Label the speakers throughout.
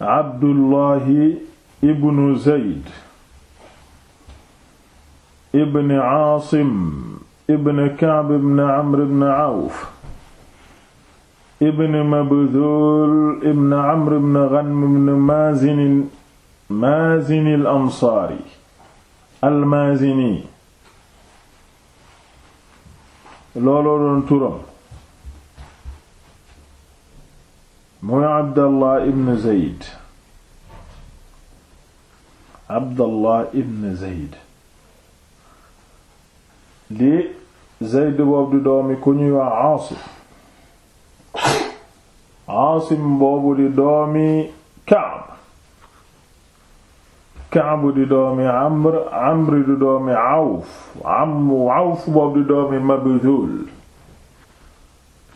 Speaker 1: Abdullahi ibn Zayd ibn Aasim ibn Ka'b ibn Amr ibn Awf ibn Mabdhul ibn Amr ibn Ghanm ibn Maazin Maazin al-Ansaari al-Maazini looloo doon turam mooy abdallah ibn zeyd abdallah ibn zeyd di zeyd boobu di doomi ku ñuy wax aasim aasim boobu di doomi kaab kaab di doomi amr amr di doomi awf am awf boobu di doomi mabdul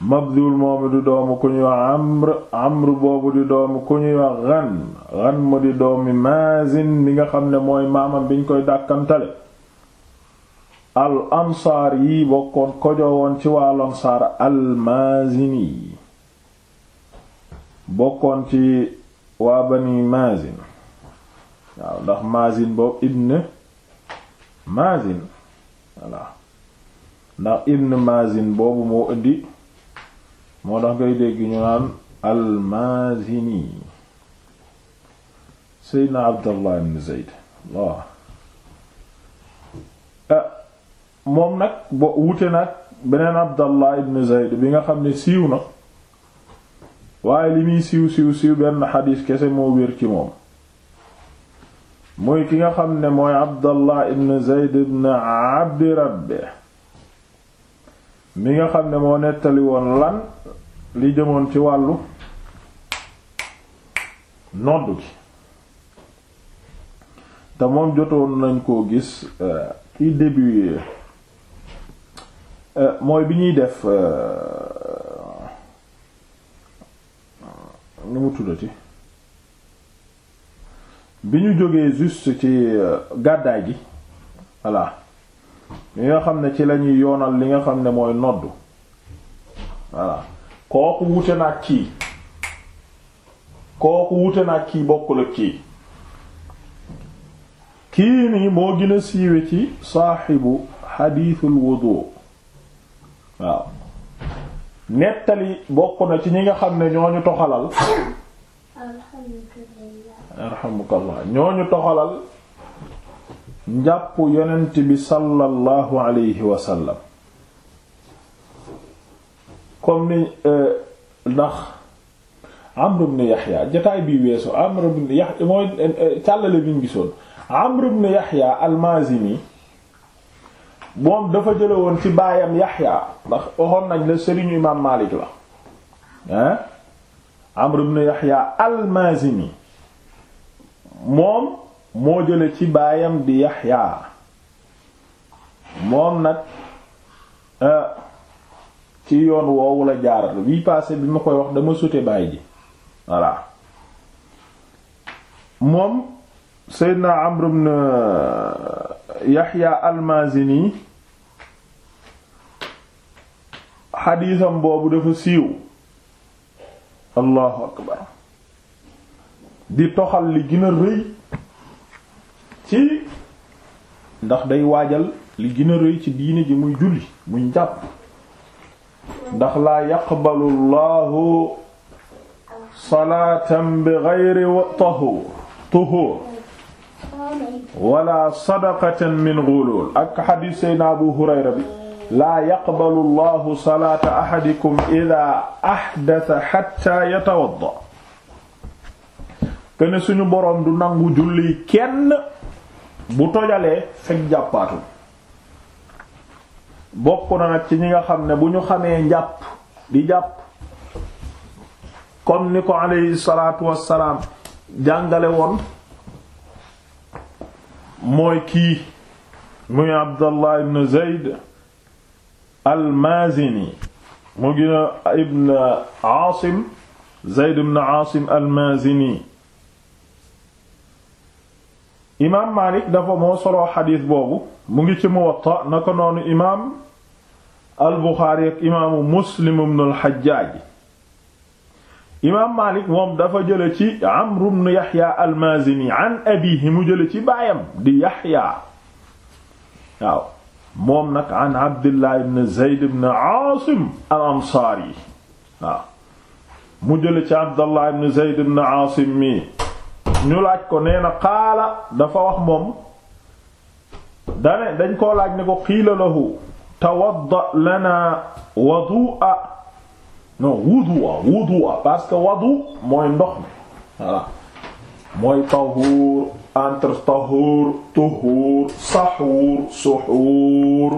Speaker 1: mabdul moomu di doomu ku ñuy wax amr amr boobu di doomu ku ñuy wax xan xan mu di doomi mazin mi nga xam ne mooy maamam biñ koy dàkkantale al ansaar yi bokkoon kojoo ci waa al ansaar al mazini bokkoon ci waa bani mazin waaw ndax mazin boobu ibn mazin voilà ndax ibn mazin boobu moo indi moo tax ngay dégg ñu naan almaazini seydna abdallah ibn zeyd waaw ah, moom nag bo wute nag beneen abdallah ibn zeyd bi nga xam ne siiw na waaye li muy siiw siiw siiw benn xadiis kese moo wér ci moom muy ki nga xam ne mooy abdallah ibn zeyd ibn abdi rabbe mi nga xam ne moo nettali woon lan li jëmoon ci wàllu nodd gi te moom jotoon nañ koo gis euh, ci début euh, euh, mooy bi ñuy def nu mu tuddati bi ñu jógee juste ci gàddaay gi voilà li nga xam ne ci lañuy yoonal li nga xam ne mooy nodd voilà kooku wute na ak kii kooku wute na ak kii bokkul ak kii kii nii moo gën a siiwe ci saaxibu xadiisul wudu waaw nettali bokk na ci ñi nga xam ne ñoo ñu toxalal arhamukallah ñoo toxalal njàpp yonent bi sallallahu alayhi wa sallam comme ni euh, ndax Amr ibn Yahya jotaay bii weesu Amr ibn Yahya mooy euh, càllale bi gisoon Amr ibn Yahya al-Mazini moom dafa jële woon ci baayam Yahya ndax waxoon nañ la sëriñu imaam Maalik la hein Amr ibn Yahya al-Mazini moom moo jële ci baayam di Yahya moom nag euh, ci yoon woowu la jaar bi passé bi ma koy wax dama sute baay ji voilà moom Seydina Amr ibn euh, Yahya al-Mazini xadiisam boobu dafa siiw allahu akbar di toxal li gën rëy ci ndax day waajal li gën rëy ci diine ji muy julli mu njàpp ndax laa yaqbalu llahu salaatan bi gayri tahuur tuhuur wala sadaqatan min ghulul ak xadiis sayna Abu Hurayra bi laa yaqbalu llahu salaata ahadikum idaa ahdasa xatta yatawadda kenn suñu boroom du nangu julli kenn bu tojalee fekk jàppaatul bokk na nag ci ñi nga xam ne bu ñu xamee njàpp di jàpp kon ni ko alayhi salaatu wassalaam jàngale woon mooy kii muy Abdallah ibn Zayd al mu gën a ibn Aasim Zayd ibn Aasim al imaam Maalik dafa moo soloo xadiis boobu mu ngi ci Muwatta na ko noonu imaam al-Buxaari ak imaamu Muslim ibn al-Hajjaaj imaam Maalik moom dafa jële ci Amr ibn Yaxya al-Maazini an abiihi mu jële ci baayam di Yaxya waaw moom nag an Abdullah ibn Zayd ibn Aasim al-Ansaari waaw mu jële ci Abdullah ibn Zayd ibn Aasim mi ñu laaj ko nee na dafa wax moom dane dañ koo laaj ne ko lahu tawadda lana wudu'a non wudu'a wudu'a parce que wudu mooy ndox mi voilà mooy tahuur entre tahuur tuhuur sahuur suhuur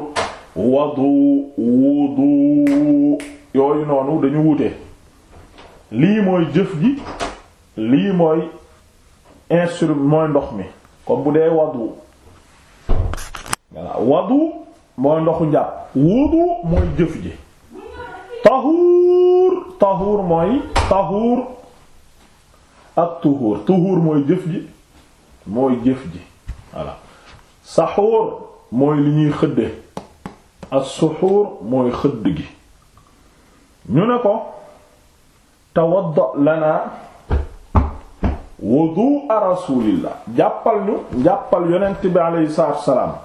Speaker 1: wadu wudu yooyu noonu dañu wute lii mooy jëf gi lii mooy instrument mooy ndox mi ko bu dee wadu voilà wadu mooy ndoxu njàpp wudu mooy jëf ji tahuur tahuur mooy tahuur ak tuhuur tuhuur mooy jëf ji mooy jëf ji saxuur mooy li ñuy xëdde ak suxuur mooy xëdd gi ñu ne ko tawadda lana wudu a rasulillah jàppal ñu jàppal yonent bi aleyhi salaatu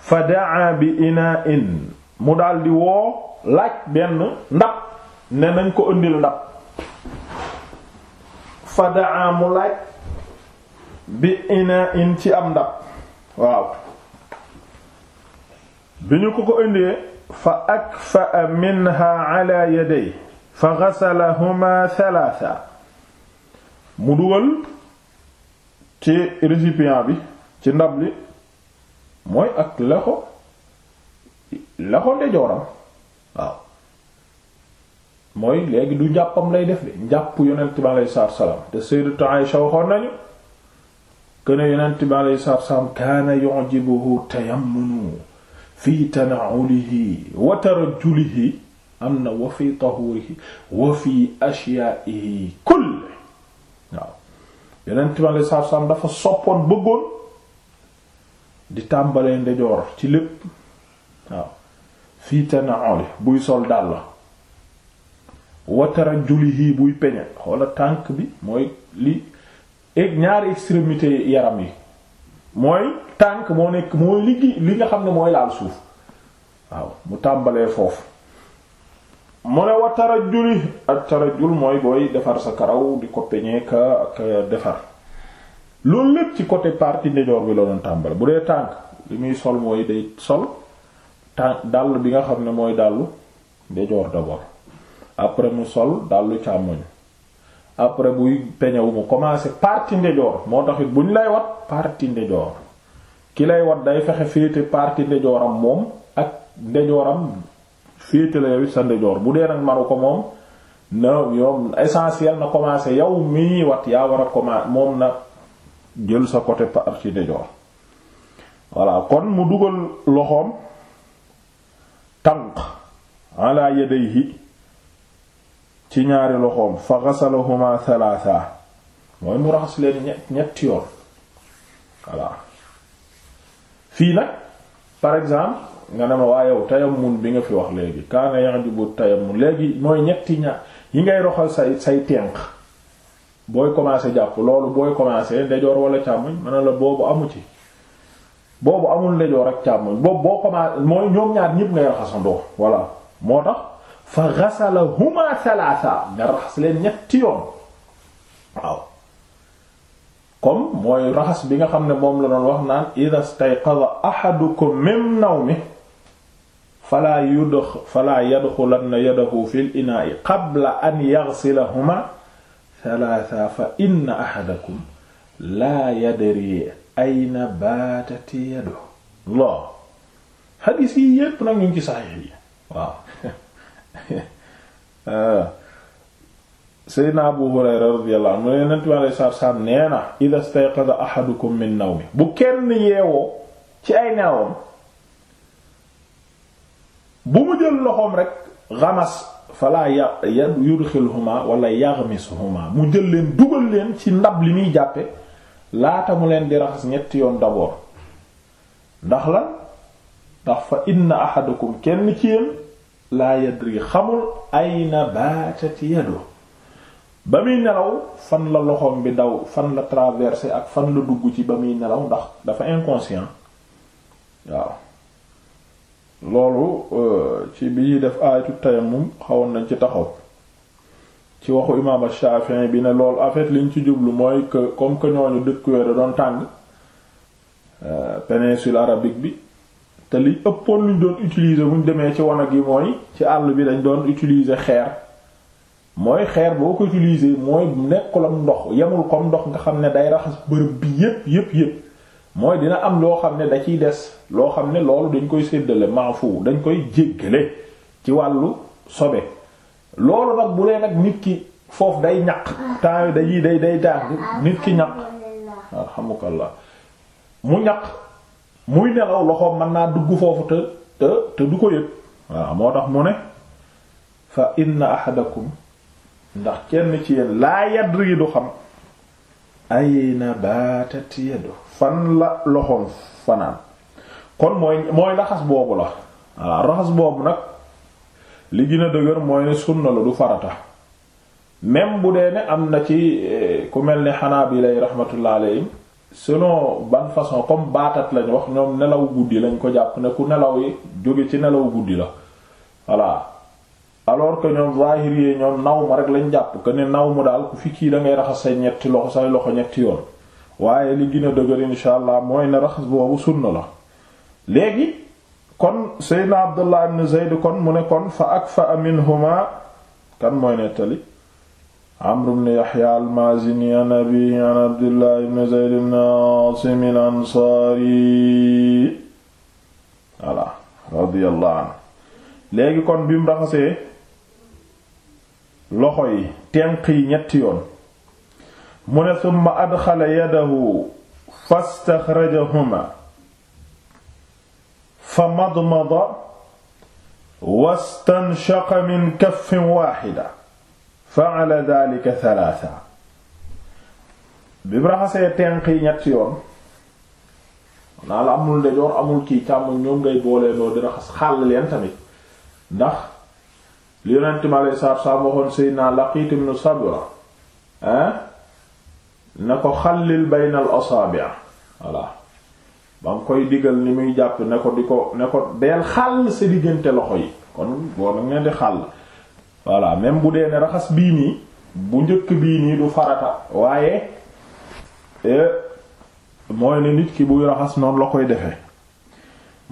Speaker 1: fa daa bi ina in mu daldi woo laaj benn ndab ne nañ ko ëndil ndab fa daa mu laaj bi ina in ci am ndab waaw bi ñu ko ko indee fa akfa minha ala yaday fa ghasalahuma thalatha mu dugal ci récipient bi ci ndab li mooy ak loxo loxo ndejooram waaw mooy léegi du njàppam lay def de njàpp yonent bi aleyhi salaatu salaam te sayyidatu Aisha waxoon nañu këne yonent bi aleyhi salaam kaana yu'jibuhu tayammunu fi tana'ulihi wa tarajjulihi am na wa fi tahurihi wa fi ashyaa'ihi kullihi yeneen timale saab dafa soppoon bëggoon di tàmbalee ndejoor ci lépp waaw fii tanaoli buy sol dàll la watara yi buy peñe xoola tànk bi mooy li egg ñaari extrémité yaram yi mooy tànk moo nekk mooy liggi li nga xam ne mooy laal suuf waaw mu tàmbalee foofu mu ne wa tarajuli ak tarajul mooy booy defar sa karaw di ko peñee ka ak defar loolu lépp ci côté parti ndijoor bi la doon bu dee tànk li muy sol mooy day sol tànk dàll bi nga xam ne mooy dàllu ndijoor d'abord après mu sol dàllu càmmoñ après buy peñewu mu commencé partie ndijoor moo taxit bu ñu lay wat parti ndijoor ki lay wat day fexe féete parti ndijooram moom ak ndijooram féete la yow it sa ndejoor bu dee nag manu ko moom na yoom essentiel na commencé yow mii wat yaa war a commencé moom na jël sa côté par ci ndejoor voilà kon mu dugal loxoom tànk ala yadayhi ci ñaari loxoom fa ghasalahuma thalatha mooy mu raxas leen ñetti yoon voilà fii nag par exemple nga ne ma waa yow tayammun bi nga fi wax léegi kaa kaana yajibu tayammun léegi mooy ñetti ña yi ngay roxal say say tenq booy commencer jàpp loolu booy commencer ndejoor wala càmmoñ mën la boobu amu ci boobu amul ndejoor ak càmmoñ boobu boo commencer ñaar ñëpp ngay raxasandoo voilà moo tax fa ghasalahuma thalatha nga raxas leen ñetti yoon waaw bi nga xam ne moom la doon wax naan idha ko ahadukum min nawmihi falaa yudx falaa yadxulanna yadahu fil inaa'i qabla an yaxsilahuma salaasa fa inna ahadakum laa yadri ayna baatati yaduhu Allah xadiis yi yépp nag ñu ngi ci saxiix yi waaw euh, Seydina Abu Hurayra radiyallahu anhu Yonent bi alayhi salaatu salaam nee na idaa istayqaza ahadukum min nawmi bu kenn yeewoo ci ay naawam bu mu jël loxoom rek xamas fala ya ya yudxilhuma wala yaxmishuma mu jël leen dugal leen ci ndab li muy jàppe laata mu leen di raxas ñetti yoon d'abord ndax lan ndax fa na ahadakum kenn ci yéen laa xamul ayna baatat ba muy nelaw fan la loxoom bi daw fan la traversé ak fan la dugg ci ba muy nelaw ndax dafa inconscient waaw loolu euh, ci bi ñuy def aayatu tayammum xawoon nañ ci taxaw ci waxu imaam Shafi'i bi ne loolu en fait ci jublu mooy que comme que ñooñu dëkk yooyu da doon tàng euh, péninsule arabique bi te li ëppoon luñ doon utiliser buñ demee ci wanag yi mooy ci àll bi dañ doon utiliser xeer mooy xeer boo ko utiliser mooy nekkulam ndox yemul kom ndox nga xam ne day raxas bërëb bi yépp yépp yépp mooy dina am loo xam ne da ciy des loo xam ne loolu dañ koy séddale maafu dañ koy jéggale ci wàllu sobe loolu nag bu lee nag nit ki foofu day ñaq temps yi day day day nit ki ñaq alhamdulilah mu ñaq muy nelaw loxoom mën naa dugg foofu te te du ko yëg waaw moo tax mu ne fa inna ahadakum ndax kenn ci yéen laa yadri du xam ayna batat yadu fan la loxoom fanaan kon mooy mooy raxas boobu la waaw raxas boobu nag li gina a dëgër mooy ne sunna la du farata même bu dee ne am na ci eh, ku mel ni xanaa Hanabila rahmatullah alayhim selon ban façon comme baatat lañu wax ñoom nelaw guddi lañ ko jàpp ne ku nelaw yi jóge ci nelaw guddi la voilà alors ko ñoom zahiri yi ñoom naw ma rek lañ jàpp que ne naw mu daal ku fi kii da ngay raxas say ñetti loxo say loxo ñetti yoon waaye li gën a dëgër insha allah mooy ne raxas boobu sunna la léegi kon seydna abdullah ibn zayd kon mu ne kon fa akfa minhuma kan mooy nettali amr ibn yahya al-mazini an abi an abdullah ibn zayd ibn asim al-ansari voilà radiyallahu anhu léegi kon bi mu raxasee loxo yi tenq yi ñetti yoon mu ne summa adxala yadahu fastaxrajahuma fa madmada wastanshaqa min kaffin waaxida fa'ala daalika salaasa bi mu raxasee tenq yi ñetti yoon naa la amul ndejoor amul kii càmmoñ ñoom ngay boolee doo di raxas xàll leen tamit ndax li yonent mi aleyhi salaatu wa salaam waxoon Seydina Laqiit ibn Sabra ah na ko xallil baynal asaabi' voilà ba nga koy digal ni muy jàpp ne ko di ko ne ko deel xàll sa diggante loxo yi kon boo nag ngeen di xàll voilà même bu dee ne raxas bii nii bu njëkk bii nii du farata waaye euh, mooy ne nit ki buy raxas noonu la koy defee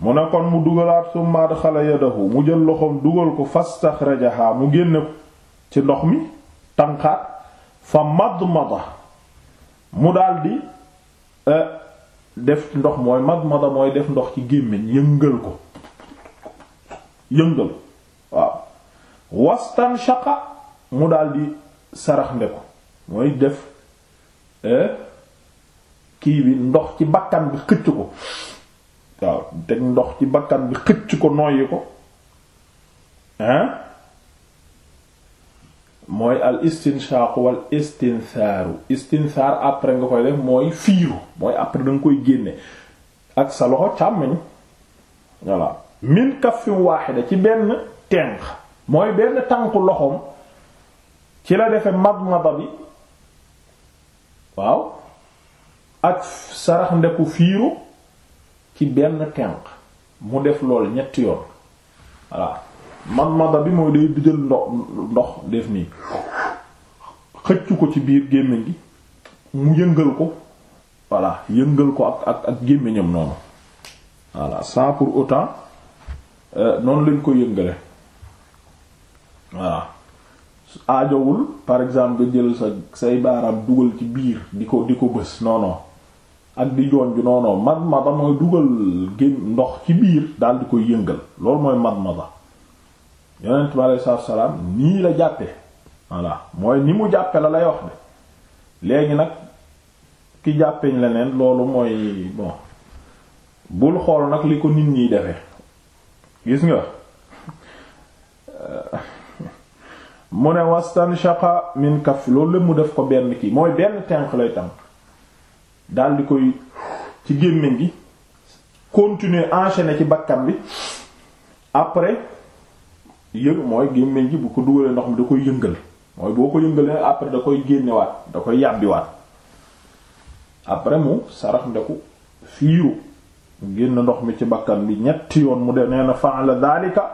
Speaker 1: mu ne kon mu dugalaat summaat xale yadahu mu jël loxoom dugal ko fastaxrajaha mu génne ci ndox mi tanqaat fa madmada mu daldi euh, def ndox mooy madmada mooy def ndox ci gémmiñ yëngal ko yëngal waaw wastan shaqa mu daldi sarax ko mooy def euh, kii bi ndox ci bakkan bi xëcc ko waaw teg ndox ci bakkan bi xëcc ko noyyi ko hein mooy al istinshaq wal istinthaaru istinthaar après nga koy def mooy fiiru mooy après danga koy génne ak sa loxo càmmoñ voilà min kaffin waaxida ci benn tenq mooy benn tànku loxoom ci la defe madmada bi waaw ak sarax ndeku fiiru ci benn tenq mu def lool ñetti yoon voilà madmada bi mooy day jël ndox ndox def nii xëcc ko ci biir gémmiñ gi mu yëngal ko voilà yëngal ko ak ak gémmiñam noonu voilà sans pour autant euh, noonu lañ ko yëngale voilà aajowul par exemple nga jël sa say baaraam dugal ci biir di ko di ko bës non ak di joonju non non madmada mooy dugal gém ndox ci biir daal di koy yëngal loolu mooy madmada yonent bi aleyhi salaatu wa salaam nii la jàppe voilà mooy ni mu jàppe la lay wax ne léegi nag ki jàppeñ leneen loolu mooy bul xool nag li ko nit ñiy defe gis nga mu ne wastan shaqa min loolu lépp mu def ko benn kii mooy benn tenq lay tànk dal di koy ci gémmiñ gi continuer enchaîner ci bakkan bi après yëngu mooy gémmiñ gi bu ko dugalee ndox mi da koy yëngal mooy boo ko yëngalee après da koy génnewaat da koy yàbbiwaat après mu sarax ndeku fiiru mu génn ndox mi ci bakkan bi ñetti yoon mu de nee na fa'ala dhalika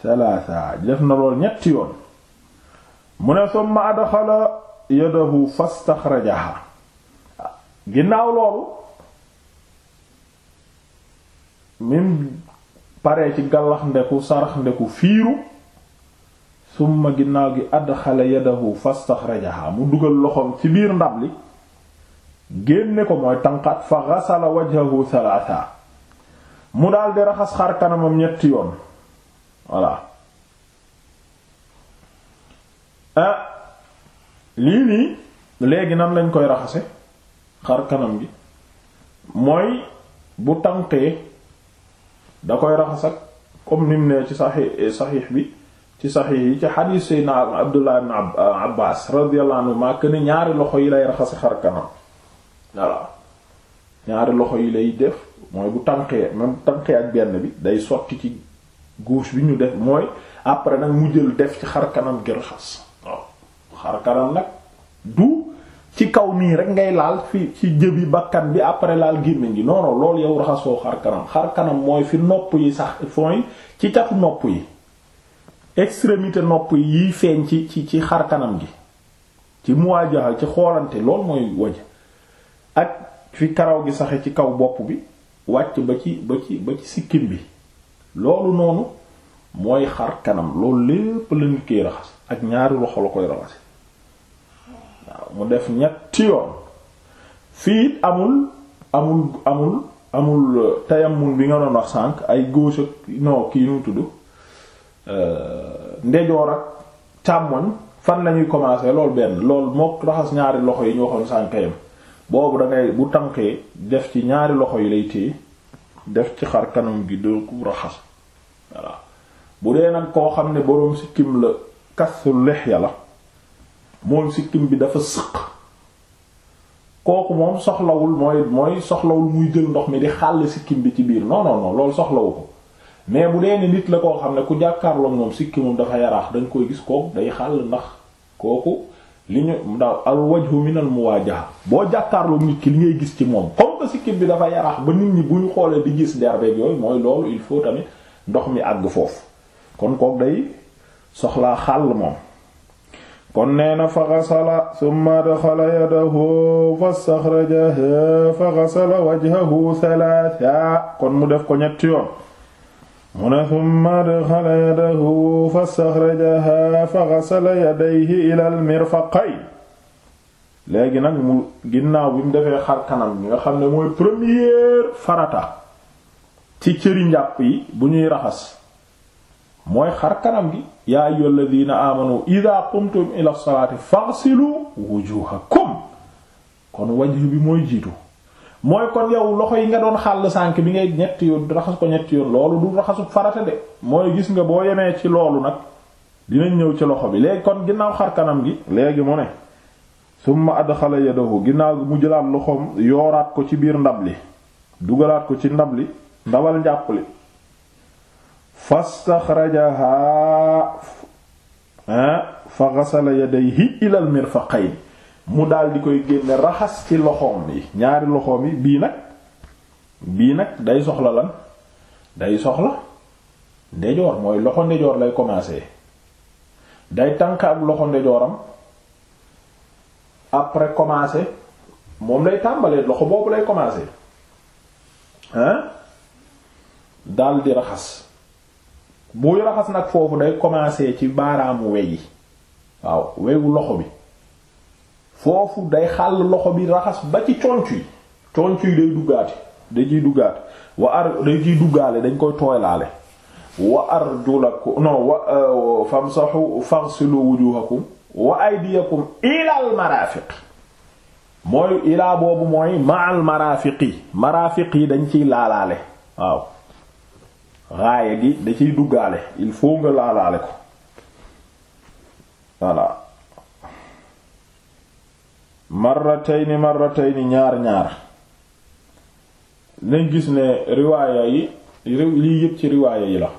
Speaker 1: thalatha na lool ñetti yoon mu ne summa adxala yadahu fastaxrajaha ginnaaw loolu mim pare ci gallax ndeku sarax ndeku fiiru suma ginnaaw gi adxala yadahu fastaxrajaha mu dugal loxoom ci biir ndab li génne ko mooy tanqat fa xasala wajhahu thalatha mu daldi raxas xar kanamam ñetti yoon voilà ah lii nii léegi nan lañ koy raxase xar kanam gi mooy bu tanqee da koy raxas ak comme nim ne ci saxi eh, saxiix bi ci saxiix yi ci xadiis Seydina Abdullah ibn ah, Abbaas radiyallahu anhuma ne ñaari loxo yi lay raxas xar kanam voilà ñaari loxo yi lay def mooy bu tànqee même tànqee ak benn bi day sotti ci gauche bi ñu def mooy après nag mu jël def ci xar kanam gi raxas waaw nag du ci kaw nii rek ngay laal fi ci jëbi bakkan bi après laal gémmiñ gi non loolu yow raxasoo xar kanam xar kanam mooy fi nopp yi sax fooy ci catu nopp yi extrémité nopp yi feeñ ci ci ci xar kanam gi ci muwaajaha ci xoolante loolu mooy waj ak fi karaw gi saxe ci kaw bopp bi wàcc ba ci ba ci ba bi loolu noonu mooy xar kanam loolu lépp lañu koy raxas ak ñaari loxo la koy raxas mu def ñetti yoon fii amul amul amul amul euh, tayammum bi nga doon wax sànq ay gauche non kii nu tudd euh, ndejoor ak càmmoñ fan lañuy commencer loolu benn lool mook raxas ñaari loxo yi ñu waxoon sànkayam boobu dangay bu tànkee def ci ñaari loxo yi lay téye def ci xar kanam gi doo ko raxas bu dee nag koo xam ne boroom sikkim la kasul lihya la moom sikkim bi dafa sëq kooku moom soxlawul mooy mooy soxlawul muy jël ndox mi di xàll sikkim bi ci biir non non non loolu soxlawu mais bu dee nit la koo xam ne ku jàkkaarloo moom sikkimam dafa yaraax dañ koy gis kook day xàll ndax kooku li ñu daal al wajhu min al muwajaha boo jàkkaarloo nit ki li ngay gis ci moom comme que sikkim bi dafa yaraax ba nit ñi bu ñu xoolee di gis derbeeg yooyu mooy loolu il faut tamit ndox mi àgg foofu kon kook day soxlaa xàll moom kon nee na fa xasala summa daxala yadahu fa staxrajaha fa xasala wajhahu salaasa kon mu def ko ñetti yoon mu ne summa daxala yadahu fa staxrajaha fa xasala yadayhi ilal mirfaqay léegi nag mu ginnaaw bi mu defee xar kanam bi nga xam ne mooy première farata ci cëri njàpp yi bu ñuy raxas mooy xar kanam gi yaa ayyuhal ladina amanu idha qumtum ila salati faghsilu wujuhakum kon wajhu bi mooy jiitu mooy kon yow loxo yi nga doon xàll sànk bi ngay ñetti yoon raxas ko ñetti yoon loolu du raxasu farata de mooy gis nga boo yemee ci loolu nag dinañ ñëw ci loxo bi léegi kon ginnaaw xar kanam gi léegi mu ne summa adxala yadahu ginnaaw gi mu jëlaat loxoom yooraat ko ci biir ndab li dugalaat ko ci ndab li ndabal njàpp li fastaxrajaha fa xasala yadayhi ilal mirfaqayn mu daal di koy génne raxas ci loxoom bi ñaari loxoom yi bii nag bii nag day soxla lan day soxla ndejoor mooy loxo ndejoor lay commencer day tànk am loxo ndejooram après commencer moom lay tàmbalee loxo boobu lay commencer hein daal di raxas buy raxas nag foofu day commencer ci baaraamu wey yi waaw wewu loxo bi foofu day xàll loxo bi raxas ba ci conc yi conc yi day duggaati da ciy duggaati wa ar ciy duggaale dañ koy tooylaale wa arjulakum non wa euh, famsahu faghsilu wujuhakum wa aydiyakum ilal marafiq mooy ilaa boobu mooy ma'al marafiqi marafiqi dañ ciy laalaale waaw raaya gi da ciy duggaale il faut nga laalaale ko voilà marratayni marratayni ñaar ñaar nañ gis ne riwaaya yi lii yépp ci riwaaya yi la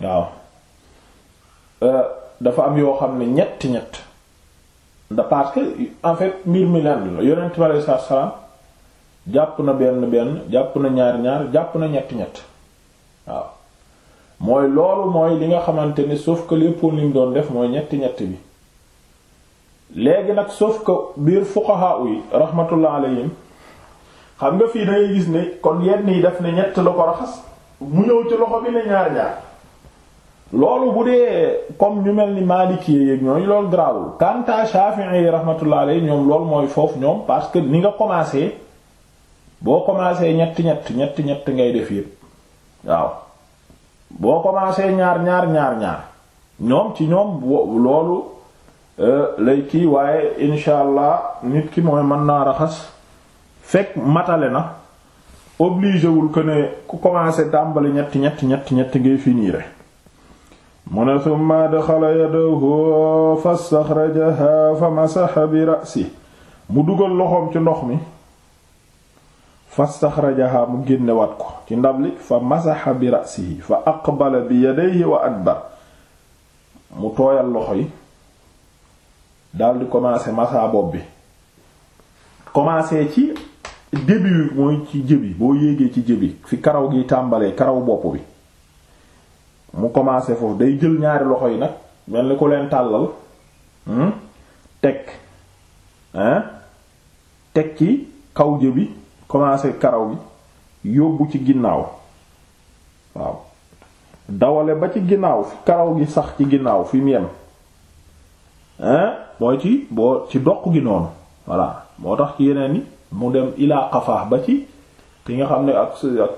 Speaker 1: waaw euh, dafa am yoo xam ne ñett ñett da parce que en fait mbir mi lenn yonent bi aleyhi jàpp na benn benn jàpp na ñaar ñaar jàpp na ñett ñett waaw mooy loolu mooy li nga xamante ni sauf que lépp lim doon def mooy ñetti ñett bi léegi nag soof ko biir fuqaha yi rahmatullah alayhim xam nga fii dangay gis ni kon yenn yi daf ne ñett la ko raxas mu ñëw ci loxo bi ne ñaar ñaar loolu bu dee comme ñu mel ni Maliki yeeg ñooñu loolu garaawul kanta Shafi'i yi rahmatullah alayhi ñoom loolu mooy foofu ñoom parce que ni nga commencé boo commencé ñett ñett ñett ñett ngay def yépp waaw boo commencé ñaar ñaar ñaar ñoom ci ñoom loolu euh, lay kii waaye insha allah nit ki mooy mën naa raxas fekk matale na obligé wul que ne ku commencé tàmbali ñetti ñetti ñetti ñetti ngay finire mu ne summa daxala yadahu fastaxrajaha fa masaxa bi rasi mu dugal loxoom ci ndox mi fastaxrajaha mu génnewaat ko ci ndab li fa masaxa bi rasihi fa aqbala bi yadayhi wa adbar mu tooyal loxo yi daldi commencer masa bopp bi commencer ci début mooy ci jëbi boo yéegee ci jëbi fi karaw gi tàmbalee karaw bopp bi mu commencer foofu day jël ñaari loxo yi nag mel ni ko leen tàllal teg hmm, teg ci kaw jëbi commencé karaw gi yóbbu ci ginnaaw waaw dawale ba ci ginnaaw fi karaw gi sax ci ginnaaw fi mu yem mooy ci boo ci doq gi noonu voilà moo tax ci yeneen ni mu dem ilaa xafaax ba ci ki nga xam ne ak ak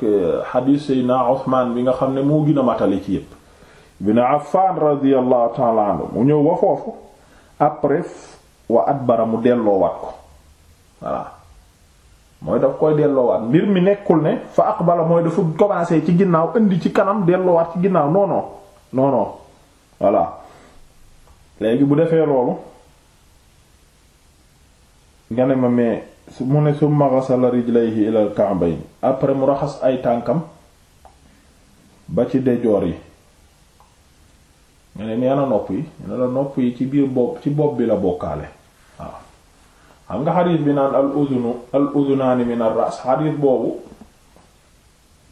Speaker 1: xadiis eh, Seydina Usmaan bi nga xam ne moo gën a ci yépp ibn Affaan radiyallahu ta'ala anhu mu ñëw wa foofu après wa at bara mu delloo wat ko voilà mooy daf koy delloowaat mbir mi nekkul ne fa aqbala mooy dafa commencé ci ginnaaw indi ci kanam delloowaat ci ginnaaw non non non voilà léegi bu defee loolu nga ne ma mais mu ne summa ghasala rijlayhi ila al-ka'bayn après mu raxas ay tànkam ba ci dejoor yi nga ne ma yana nopp yi ñu ne la nopp yi ci biir bopp ci bopp bi la bokkaale xam nga xadiis bi naan al udhunu al udhunaani min ras xadiis boobu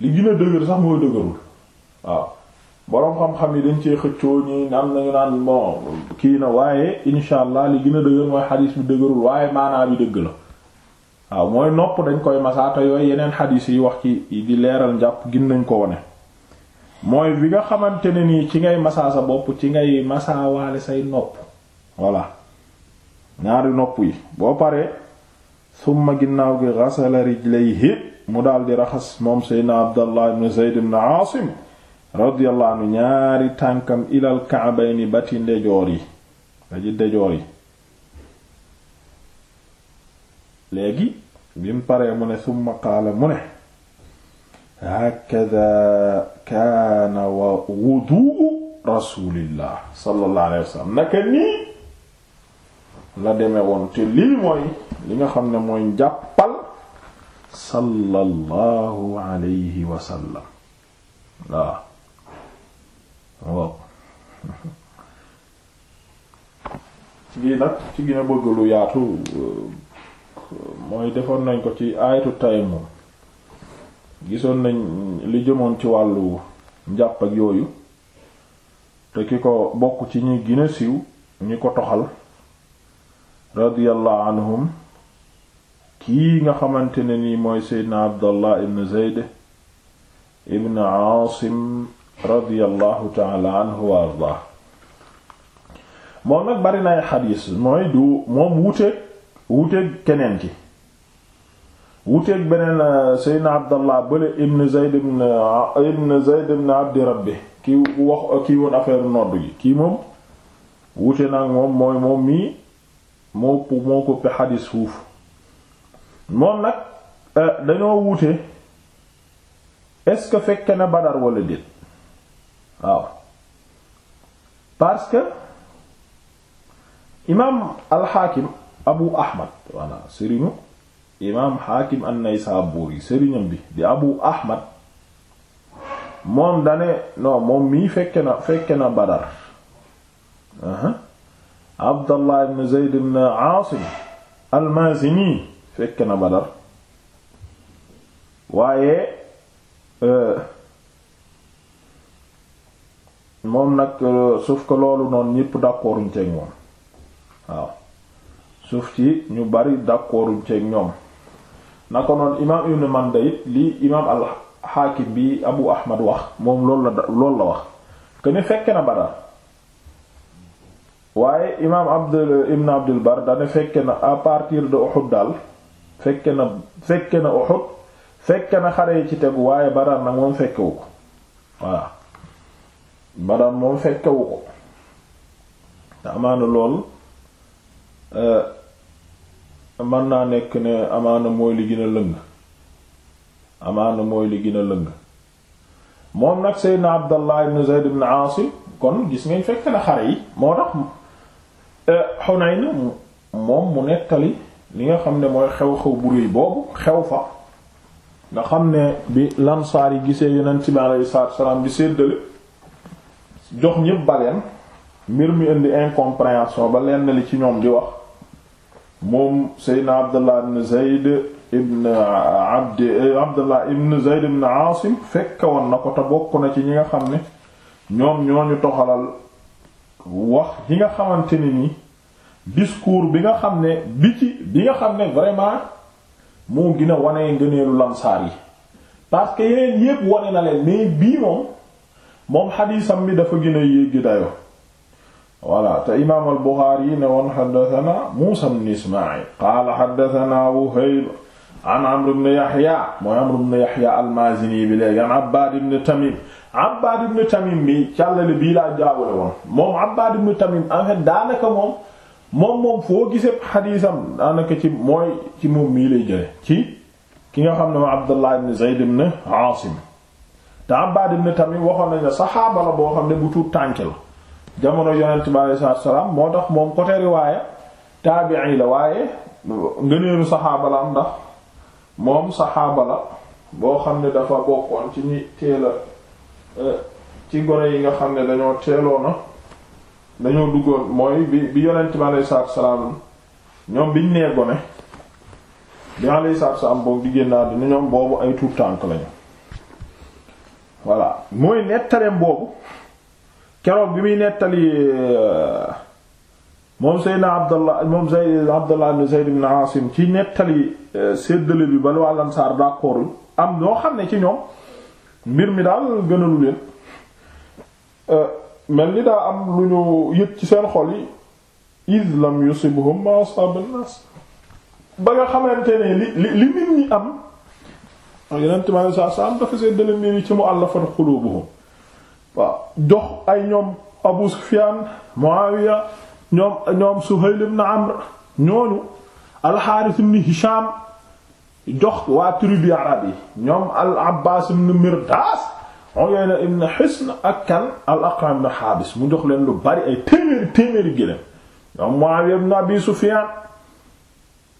Speaker 1: li gën a dëgër sax mooy dëgërul waaw boroom xam-xam yi dañ cee xëccoo ñi am nañu naan bon kii na waaye insha li gën a dëgër mooy xadiis bi dëgërul waaye maanaa bi dëgg la waaw mooy nopp dañ koy masaata yooyu yeneen xadiis yi wax ci di leeral njàpp gin nañ ko wone mooy bi nga xamante ne nii ci ngay masaa sa bopp ci ngay masaawaale say nopp voilà ñaari nopp yi boo pare summa ginnaaw gi ghasala mu daal raxas moom seydna abdallah ibn zayd ibn aasim radiyallahu anhu ñaari tànkam ila ka'bayni ba ci ndejoor yi ba ci ndejoor yi léegi bi mu paree mu ne summa qaala la deme woon te lii mooy li nga xam ne mooy njàppal sallallahu alayhi wa sallam waaw waaw nag ci gina bëgg lu yaatu mooy defoon nañ ko ci aayatu tayammum gisoon nañ li jëmoon ci wàllu njàpp ak yooyu te ki ko bokk ci ñi gina siw ñi ko toxal radiyallahu anhum kii nga xamante ne nii mooy seydna abdallah ibn zeyd ibn aasim radiyallahu taala anhu wa ardah moom nag xadiis mooy du moom wuteeg keneen ki wuteeg beneen euh, abdallah bële ibn zeyd euh, ibn abdi rabbi kii woon affaire nodd gi kii moom wute nag moom mooy moom mii moo moo ko xadis fuufu moom nag euh, dañoo wuute est-ce que fekk na Badar wala déet waaw parce que imaam alxaakim Abu Ahmad voilà sëriñu imaam Xaakim an-Naysaburi sëriñam bi di Abu Ahmad moom dane non moom mii fekke na fekke na Badar Abdallah ibn Zayd ibn Aasim al-Maazini fekk na Badar waaye euh, moom nag euh, suuf ko loolu noonu ñépp d'accorduñ ceeg moom waaw suuf ci ñu bari d'accorduñ ceeg ñoom na ko noonu imaam Ibn Manda it lii imaam al-Hakim bi Abu Ahmad wax moom loolu la loolu la wax que fekke fekk na Badar waaye imaam Abdul ibn Abdul Bar dane fekke na à partir de Uhud daal fekke na fekke na Uhud fekke na xare yi ci tegu waaye Badar nag moom fekkewu ko voilà Badar moom fekkewu ko te amaana lool euh, mën naa nekk ne amaana mooy li gën a lëng amaana mooy li gën lëng moom nag Seydina Abdallah ibn Zayd ibn Aasim kon gis ngeen fekk na xare yi moo tax Euh, Hunayn moom mu nekkali li nga xam ne mooy xew-xew bu réy boobu xew fa nga xam ne bi lansaar yi gisee yonent bi alayhi salaatu salaam bi séddale jox ñépp baleen mbir mi indi incompréhension ba lenn li ci ñoom di wax moom Seydina Abdullah ibn Zayd ibn Abd eh, Abdullah ibn Zayd ibn Aasim fekk woon na ko te bokk na ci ñi nga xam ne ñoom ñoo ñu toxalal wax yi nga xamante ne ni discours bi nga xam ne bi ci bi nga xam ne vraiment moo gën wane ngëneelu lamsaar yi parce que yeneen yépp wane na leen mais bii moom moom xadiisam bi dafa gën a yéggi dayo voilà te imaam al Buxaari yi ne woon xaddathana Muusaa ibn Ismaayil qaala xaddathana Wuhayb an Amr ibn Yahya Yahya al bi léegi an Abbad ibn Tamim Abbad ibn Tamim bi càllale bii laa jaawale woon moom Abbad ibn Tamim en fait daanaka moom moom moom foo gisee xadiisam daanaka ci mooy ci moom mii lay jële ci ki nga xam ne ma Abdullah ibn Zayd ibn Aasim te Abbad ibn Tamim waxoon nañ ne saxaaba la boo xam ne bu tuut tànk la jamono yonent bi alayhi salaatu moo tax moom côté riwaaya taabi'i la waaye ngëneenu saxaaba moom saxaaba la boo xam ne dafa bokkoon ci ñi teel euh, ci gone yi nga xam ne dañoo teeloona dañoo duggoon mooy bi bi yonent bi alayhi salaatu salaam ñoom biñ nee gone bi alayhi salaatu salaam boog di génn àddina ñoom boobu ay tuut tànk lañu voilà mooy nettaleem boobu keroog bi muy nettali euh, moom Seydina Abdallah moom Seydina Abdallah ibn Zayd ibn Asim ci nettali euh, séddale bi bala waa Ansaar d'accord am ñoo xam ne ci ñoom mbir mi daal gënalu leen euh, mel ni daa am lu ñu yëg ci seen xol yi iz lam yusibhum ma asaba an-nas ba nga xamante ne li li li nit ñi am yeneen tamit saa saa am dafa séddale mbir yi ci mu'allafat qulubuhum waaw jox ay ñoom Abu Sufyan Muawiya ñoom ñoom Suhayl ibn Amr ñooñu al-Harith Hisham jox waa tribu arab yi ñoom al-Abbas ibn Mirdas Uyayna ibn Hisn ak kan al-Aqra ibn Habis mu jox leen lu bari ay téeméeri téeméeri gëléem ñoom Muawiya ibn Abi Sufyan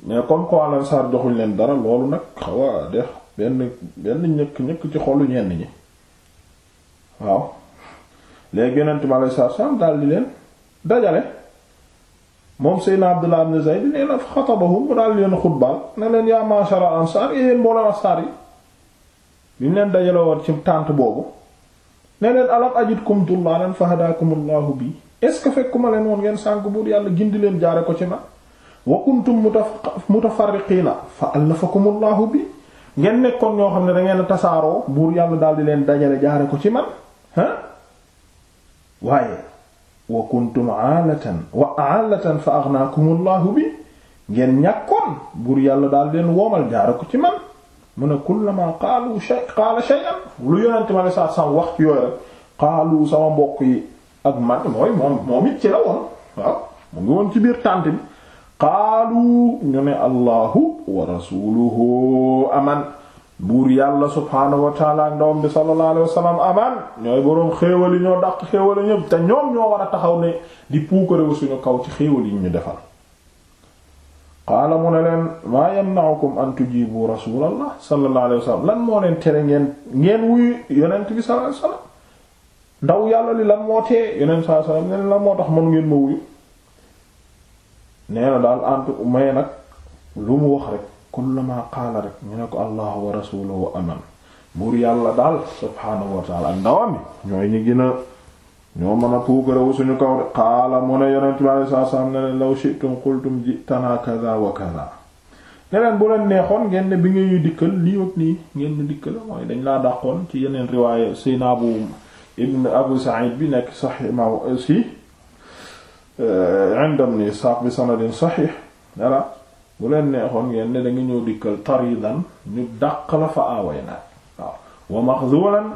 Speaker 1: mais comme ko al joxuñ leen dara loolu nag xawa def benn benn ñëkk ñëkk ci xolu ñenn ñi waaw léegi Yonent bi sallallahu alayhi wasallam daal di leen dajale moom Seydina Abdullah ibn Zayd nee na xatabahum mu daal leen xutbaal ne leen yaa ma'shara ansaar yéen mbooloo ansaar yi bi ñu leen dajale woon ci tànt boobu ne leen alam ajidkum dullaalan fahadaakumullahu bi est ce que fekkuma leen woon ngeen sànk buur yàlla di leen jaare ko ci ma wa kuntum mutafarriqiina fa allafakumullahu bi ngeen nekkoon ñoo xam ne da ngeen tasaaroo buur yàlla daal di leen dajale jaare ko ci man ah waaye wa kuntum aalatan wa aalatan fa aghnaakumullahu bi ngeen ñàkkoon buur yàlla daal leen woomal jaara ko ci man mu ne kullama qaalu shay qaala shay'an lu ma wax ci yooyu qaalu sama mbokk yi ak man mooy moom moom ci la woon waaw mu ngi woon ci biir tànt bi qaalu ñu ne allahu aman buur yàlla subhaanahu wa taala ndawam bi sallallahu alayhi wa sallam amaan ñooy boroom xéewal yi ñoo dàq xéewal yi ñëpp te ñoom ñoo war a taxaw di puukarewu suñu kaw ci xéewal yi ñu defal qaala mu ne leen maa yamna'ukum an tujibu rasulallah sallallahu alayhi wa sallam lan moo leen tere ngeen ngeen wuyu yonent bi sallallahu alayhi ndaw yàlla li lan moo tee yonent sallallahu moo tax mënu ngeen ma wuyu nee na daal antu may nag lu mu wax rek kullama qaala rek ñu ne ko allahu wa rasuluhu aman buur yàlla daal subhaanahu wa taala ak ndawam ñooy ñi gën a ñoo mën a puukarewu suñu kaw de qaala mu ne yonent bi alayhi salaatu salaam ne leen law shi'tum qultum ji'tanaa kaza wa kaza ne leen bu leen neexoon ngeen ne bi ngeen ñu dikkal lii ak nii ngeen ñu dikkal mooy dañ laa dàqoon ci yeneen riwaaya sayna abu ibn abu sa'id bi nekk sahih ma si eh, indam ni saaq bi sanadin sahih voilà bu leen neexoon ngeen ne da nga ñëw dikkal taridan ñu dàq la fa aaway naat waaw wa maxzulan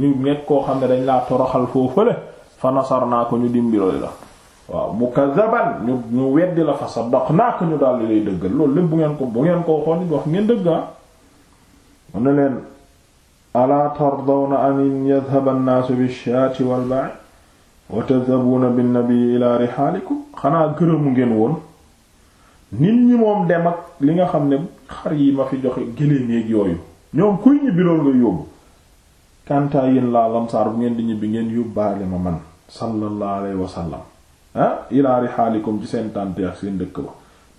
Speaker 1: ñu nekk koo xam ne dañ laa toroxal foofale fa nasar naa ko ñu dimbiroy la waaw mukazzaban ñu ñu weddi la fa saddaq naa ko ñu daldi lay dëggal loolu lépp bu ngeen ko bu ngeen ko waxoon wax ngeen dëggaa ah. mu ne leen alaa tardawna an yadhhaba an-naasu bish-shaati wal-ba'i wa tadhhabuna bin-nabiyyi ilaa rihaalikum xanaa gërëmu ngeen woon nit ñi moom dem ak li nga xam ne xar yi ma fi joxe gëléem yeeg yooyu ñoom kuy ñibbi loolu nga yóbbu kantaa yéen laa lamsaar bu ngeen di ñibbi ngeen yóbbaale ma man sallallahu alayhi wasallam ah ilaa rihaalikum ci seen tànt ak seen dëkk ba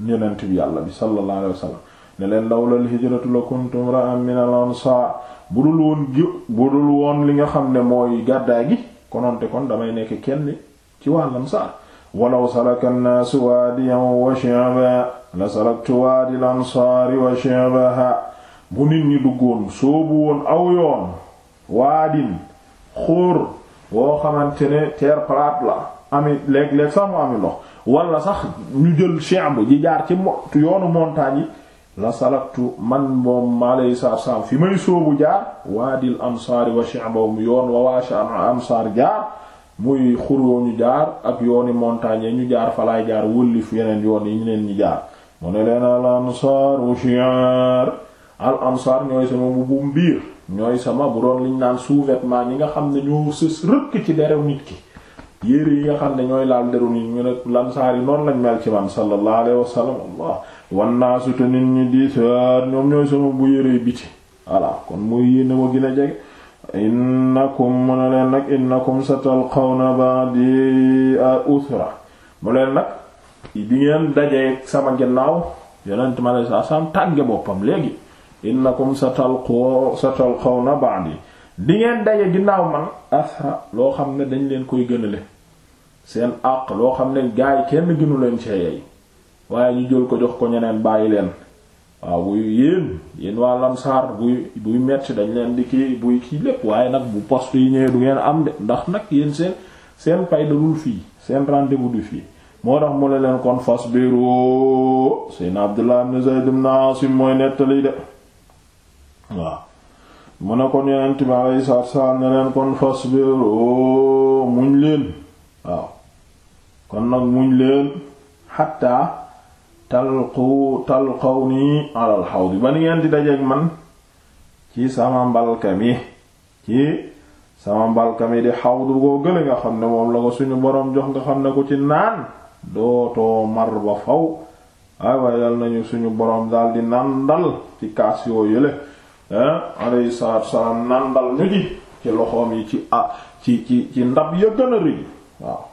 Speaker 1: yonent bi yàlla bi sallallahu alayhi wasallam ne leen lawlal hijratu la kuntum ra'an min al ansaar bu dul woon gi bu dul woon li nga xam ne mooy gàddaay gi kononte kon damay nekk kenn ci waa lamsaar walaw salaka nnaasu waadiyan wa la salaktu waadi lansaari wa soobu woon aw yoon waadin xóor xamante ne terre plate la ami léeg-léeg sax wala sax ñu jël shi'b ji jaar ci yoonu montagne la salaktu man moom maalay saar saam fi may soobu jaar waadil ansaari wa shi'bahum yoon wa waa ansaar jaar muy xuroo ñu jaar ak yooni yi ñu jaar falaay jaar wëllif yeneen yoon yi ñu leen ñu jaar mu ne leen al ansaaru shi'ar al ansaar ñooy sama mbubu mbiir ñooy sama bu doon liñ naan sous-vêtement ñi nga xam ne ñoo sës rëkk ci derew nit ki yére yi nga xam ne ñooy laal deru nit ñu ne lansaar yi noonu lañ mel ci man sallallahu alayhi wa sallam allah naa suta nit ñi diisaar ñoom ñooy sama bu yére biti voilà kon muy yéene ma gën a jege innakum mu ne leen nag innakum na ba'di usra mu leen nag di ngeen dajee sama ginnaaw yonent ma lay saa tàgge boppam léegi innakum satalqaw satalqawna ba'di di ngeen daje ginnaaw man asra loo xam ne dañ leen koy gënale seen àq loo xam ne gaay kenn gënu leen ci yey waaye ñu jël ko jox ko ñeneen bàyyi leen waaw buy yéen yéen waa lamsaar buy buy metti dañ leen di kii buy kii lépp waaye nag bu poste yi ñëwee du ngeen am de ndax nag yéen seen seen pay dadul fii seen rendez bu du fii moo tax mu ne leen kon fasbiru seen Abdullah ibn Zayd ibn Asim mooy nettali de waaw mu ne kon yonent bi alayhi salaatu salaam ne leen kon fasbiru muñ leen waaw kon nag muñ leen xatta talqu talqawni alal xawdi ba ni ngeen di dajeek man ci sama mbalka mi ci sama mbalka mi di xawdu koo gële nga xam ne moom la ko suñu boroom jox nga xam ne ko ci naan dootoo mar ba faw aywa yal nañu suñu boroom daal di nàndal ci kaas yoo yële alayhi salaatu salaam nàndal ñu ji ci loxoom yi ci ah ci ci ndab ya gën rëy waaw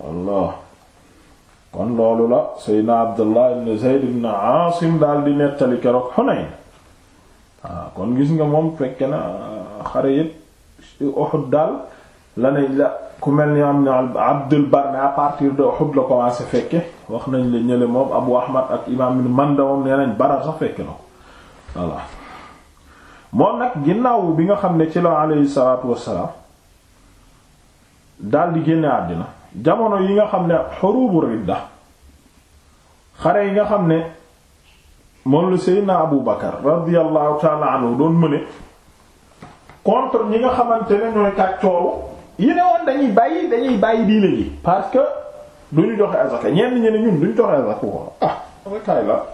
Speaker 1: wallah kon loolu la seydna abdullah ibn zayd ibn aasim daal di nettali keroog xunayn waaw ah, kon gis nga moom fekke na ah, xare yépp Uhud daal la ne la ku mel ni am na abdul bar ne de Uhud la commencé fekke wax nañ la ñële moom abu ahmad ak imam ibn manda moom nee nañ barar sax fekke na ko voilà moom nag ginnaaw bi nga xam ne ci la aleyhi salatu wasalaam daal di génne àddina jamono yi nga xam ne xurubu ridda xare yi nga xam ne moom la seydna abu bakar radiallahu taala anhu doon mëne contre ñi nga xamante ne ñooy kàccooru yi ne woon dañuy bàyyi dañuy bàyyi diine ji parce que duñu joxe azaka ñenn ñi ne ñun duñu joxe azaka ah, ko la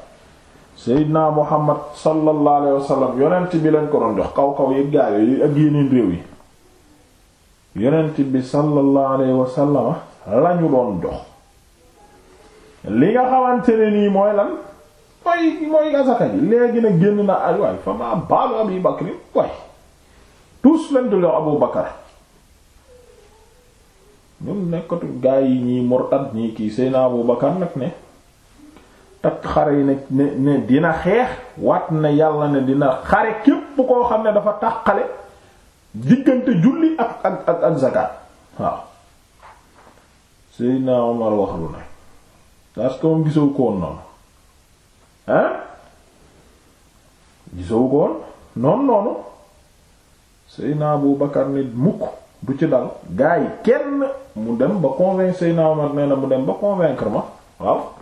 Speaker 1: seydna muhammad sallallahu alayhi wasallam yonent bi lañ ko doon jox kaw kaw yi gaayoo yi ak yeneen réew yi yonent bi sallallahu alayhi lañu doon jox li nga xamante ne nii mooy lan mooy mooy gasaka ji léegi nag génn na ay waay fa ma baalu Abi Bakr waay tous lañ du la Abu Bakar ñun nekkatu gaa yi ñii murtad ñii kii Seydina Abu Bakar nag ne takk xare yi ne ne dina xeex wat na yàlla ne dina xare képp koo xam ne dafa tàqale diggante julli ak ak ak ak zakat waaw Seydina Omar wax lu ne parce moom gisawu ko noonu hein gisawu ko noonu noonu Seydina Abu Bakar nit mukk du ci dal gaa yi kenn mu dem ba convaincre Seydina Omar nee na mu dem ba convaincre ma waaw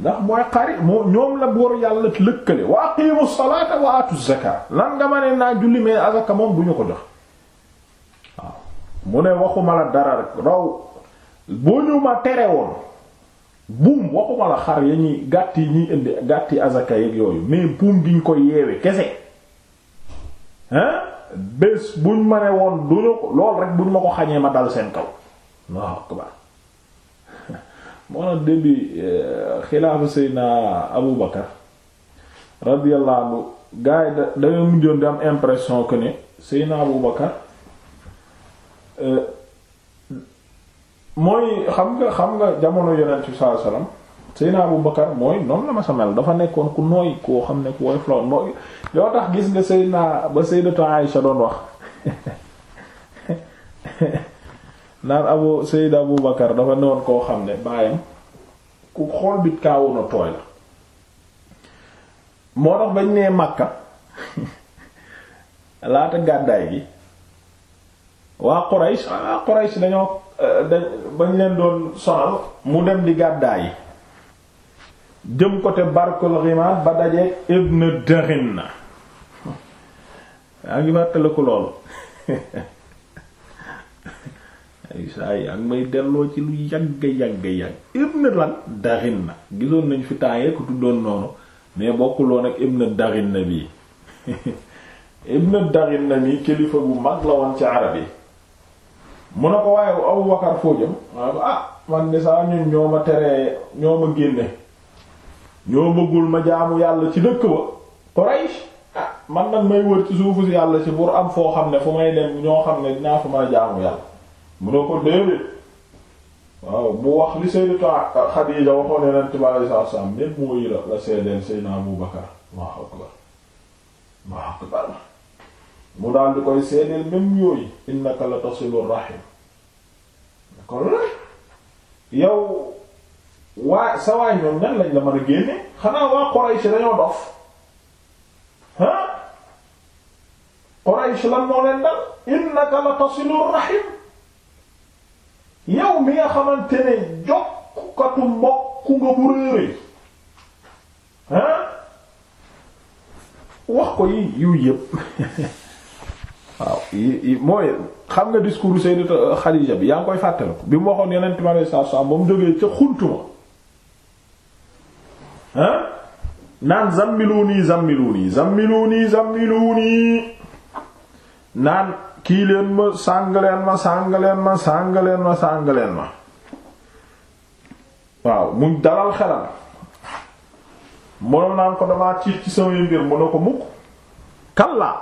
Speaker 1: ndax mooy xari moo ñoom la boor yàlla lëkkale wa aqimu salata wa atu zakat lan nga ma ne naa julli mais azaka moom du ñu ko jox waaw mu ne waxuma la dara rek raw boo ñu ma tere woon buum waxuma la xar ya ñuy yi ñuy indi gàtt yi azaka yeeg yooyu mais buum ñu kese hein bés buñ ma ne woon du lool rek buñ ma ko xañee ma dal seen kaw waaw akbar moo nag début euh, xilaafa Seydina Abu Bakar radiyallahu anhu gars yi da dañoo mujjoon di am impression que ne Seydina Abu Bakar euh, mooy xam nga xam nga jamono yonent bi sallallahu alayhi wasallam Abu Bakar mooy noonu la ma sa mel dafa nekkoon ku nooy koo xam ne ku woy floon mooy yoo tax gis nga Seydina ba Sayyidatu Aïsha doon wax naan abu sayyid abu bakar dafa newoon koo xam ne baayam ku xool bit kaawuna tooy la moo tax bañ nee makka laata gàddaay gi waa Quraysh waa ah, Quraysh dañoo eh, dañ bañ leen doon sonal mu dem di gàddaay yi jëm côté barkul rimaat ba daje ibn Darin na yaa ngi fàttaliku loolu ay saa yaa ngi may delloo ci lu yàgg fi temps ko tuddoon noonu mais na bii ibn kilifa bu mag la ci arab yi mu ne ko waaye Abu Bakar foo jëm waaye ko ah, man de saa ñun ñoo ma teree ñoo ma génne ñoo bëggul ma jaamu yàlla ci dëkk ba Quraysh ah man nag may wër ci suufu si yàlla si pour am foo xam ne fu may dem ñoo xam ne dinaa fa mën jaamu yàlla mu ne ko déedéet bu wax li Sayyidatu Xadiija waxoon Yonent bi sallallahu alayhi wa yi la la seedeel Seydina Abu Bakar Allahu akbar mu daal di koy seedeel même yooyu innaka la tasilu rahim kon la yow sa waay ñoom nan lañ la mën a génne xanaa waa Quraysh dañoo dof ah Quraysh lan moo leen dal innaka la tasilu rahim yow mi nga xamante ne jokkatu mbokku nga bu réeré ah wax ko yi yiw yëpp waaw mooy xam nga discours Sayyidat Khadija bi yaa ngi koy fàttaliku bi mu waxoon yeneen time ba mu jógee ca xuntuma ah naan zammiluuni zammiluuni zammiluuni zammiluuni naan kii leen ma sàng leen ma sàng leen ma sàng leen ma sàng ma waaw mu dalal xelam mënoon naan ko damaa tiit ci samay mbir mën na ko mukk kallaa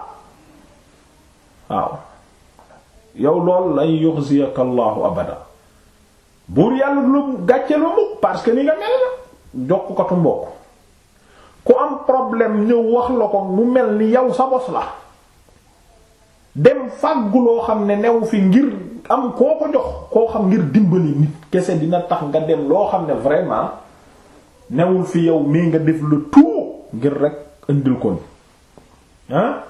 Speaker 1: waaw yow lool lan yuxziyaka Allahu abada buur yàlla du gàcce la mukk parce que ni nga mel na jokkukatu mbokk ku am problème ñëw wax la ko mu mel ni yow sa bos la dem fàggu loo xam ne new fi ngir am koo ko jox koo xam ngir dimbali nit kese dina tax nga dem loo xam ne vraiment newul fi yow mii nga def le tout ngir rek indil ko ah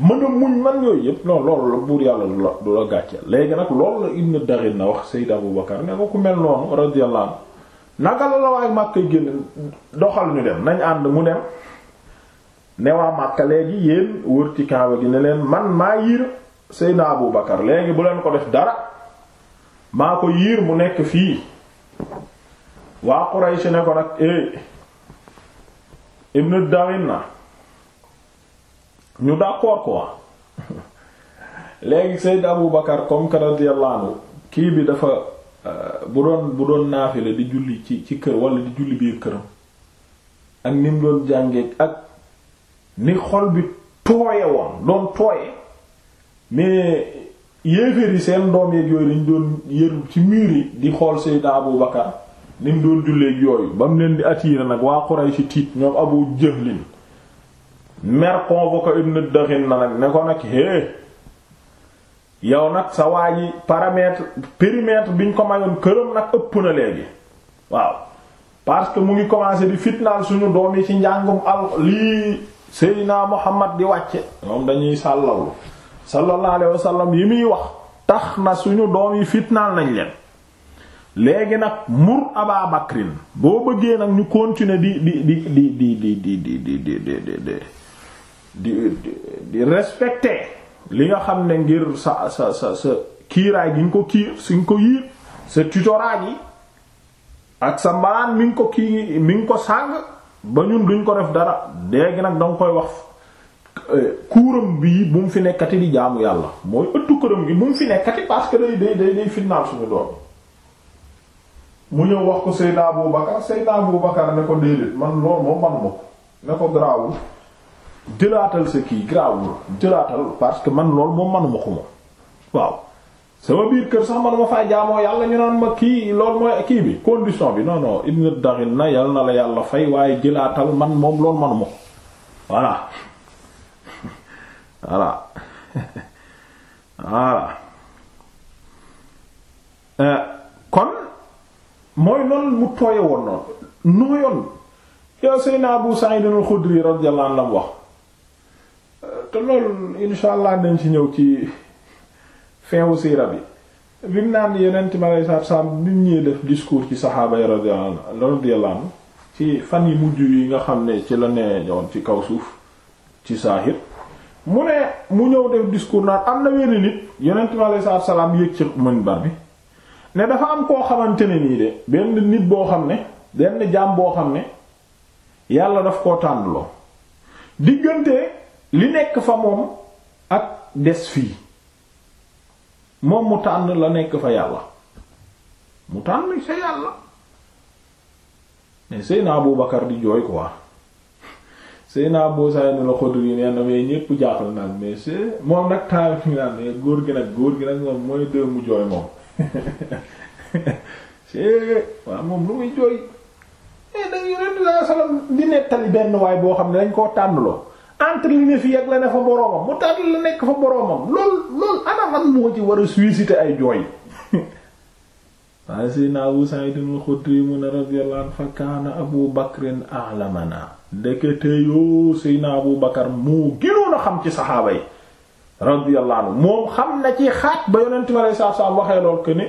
Speaker 1: mën a muñ man yooyu yëpp non loolu la buur yàlla du la du la gàcceel léegi nag loolu la Ibn Daxin na wax Seydou Aboubacar ne ko mel noonu radiyallahu anhu naka la la waaye màkk génn doxal ñu dem nañ ànd mu dem. ne waa Màkka léegi yéen wër ci Kaaba gi ne leen man maa yiir Seydina Abu Bakar léegi bu leen ko def dara maa ko yiir mu nekk fii waa Quraysh ne ko nag eh Ibn Darina ñu d'accord quoi léegi Seydina Abu Bakar comme que radiyallahu kii bi dafa euh, bu doon bu doon naafila di julli ci ci kër wala di julli biir këram ak ni mu jàngee ak. ni xol bi tooye woon doon tooye mais yéeféer yi seen doom yeeg yooyu dañ doon yëru ci miir yi di xool Seydina Abu Bakar ni mu doon julleeg yooyu ba mu leen di attiré nag waa Quraysh tiit ñoom Abu Jahlin mer convoqué Ibn Daxin na nag ne ko nag é yow nag sa waa ji paramètre bi ñu ko mayoon këram nag ëpp na léegi waaw parce que mu ngi commencé di fitnaal suñu doom yi ci njàngum al lii Seydina Muhammad di wàcce moom dañuy sàllalu sallallahu alayhi wasallam yi muy wax tax na suñu doom yi fitnaal nañ leen léegi nag mur Abaa Bakrin boo bëggee nag ñu continuer di di di di di di di di li nga xam ne ngir sa sa sa kiiraay gi nga ko kiir suñ ko yiir sa tutoraay yi ak sa mbalaan mi nga ko kii mi nga ko sàng ba ñun duñ ko def dara léegi nag danga koy wax euh, kuuram bii bu mu fi nekkati di jaamu yàlla mooy ëttu këram gi bu mu fi nekkati parce que day day day day fitnaal suñu doom mu ñëw wax ko Seydina Abu Bakar Seydina Abu Bakar ne ko déedéet man loolu moom man ma ko ne ko garaawul jëlaatal sa kii garaawul jëlaatal parce que man lool moom manuma ko moom waaw sama biir kër sax man ma faa jaamoo yàlla ñu naan ma kii loolu mooy kii bi condition bi non non ibn darin na yàlla na la yàlla fay waaye jëlaatal man moom loolu manuma ko voilà voilà euh, kon mooy noonu mu tooye woon noonu nooyoon yow Seydina Abu Sa'id al-Khudri radiyallahu anhu wax euh, te loolu insha allah dañ ñëw ci fin wu siira bi bi mu naan yonent mi alayhi salaatu salaam bi def discours ci saxaaba yi radiyallahu anhu ci fan yi mujj yi nga xam ne ci la ne ci kaw suuf ci saahir mu ne mu ñëw def discours naan am na wenn nit yonent mi salaam yéeg ci minbar bi ne dafa am koo xamante ne nii de benn nit boo xam ne benn jaam boo xam ne yàlla daf koo tànnloo diggante li nekk fa moom ak des fii moom mu tànn la nekk fa yàlla mu tànn fa yàlla mais Seyna Abu Bakar di jooy quoi Seyna Abu Sa'id al-Khudri nee na mais ñépp jaaxal naan mais c'est moom nag taal mi naan mais góor gi nag góor gi nag moom mooy dër mu jooy moom c'est waaw moom lu muy jooy mais eh, dañu Yonent sallallahu alayhi di nettali benn waay boo xam ne dañ koo tànnloo entre li ne fii ak la ne fa boroomam mu tànn la nekk fa boroomam lool lool ana moo ci war a susciter ay jooy waaye Seydina Abu Sa'id al-Khudri mu ne radiyallahu anhu fa kaana Abu Bakrin a'lamana ndekete yoo Seydina Abu Bakar moo gënoon a xam ci saxaaba yi radiyallahu anhu moom xam na ci xaat ba yonent mi alayhi waxee lool que ne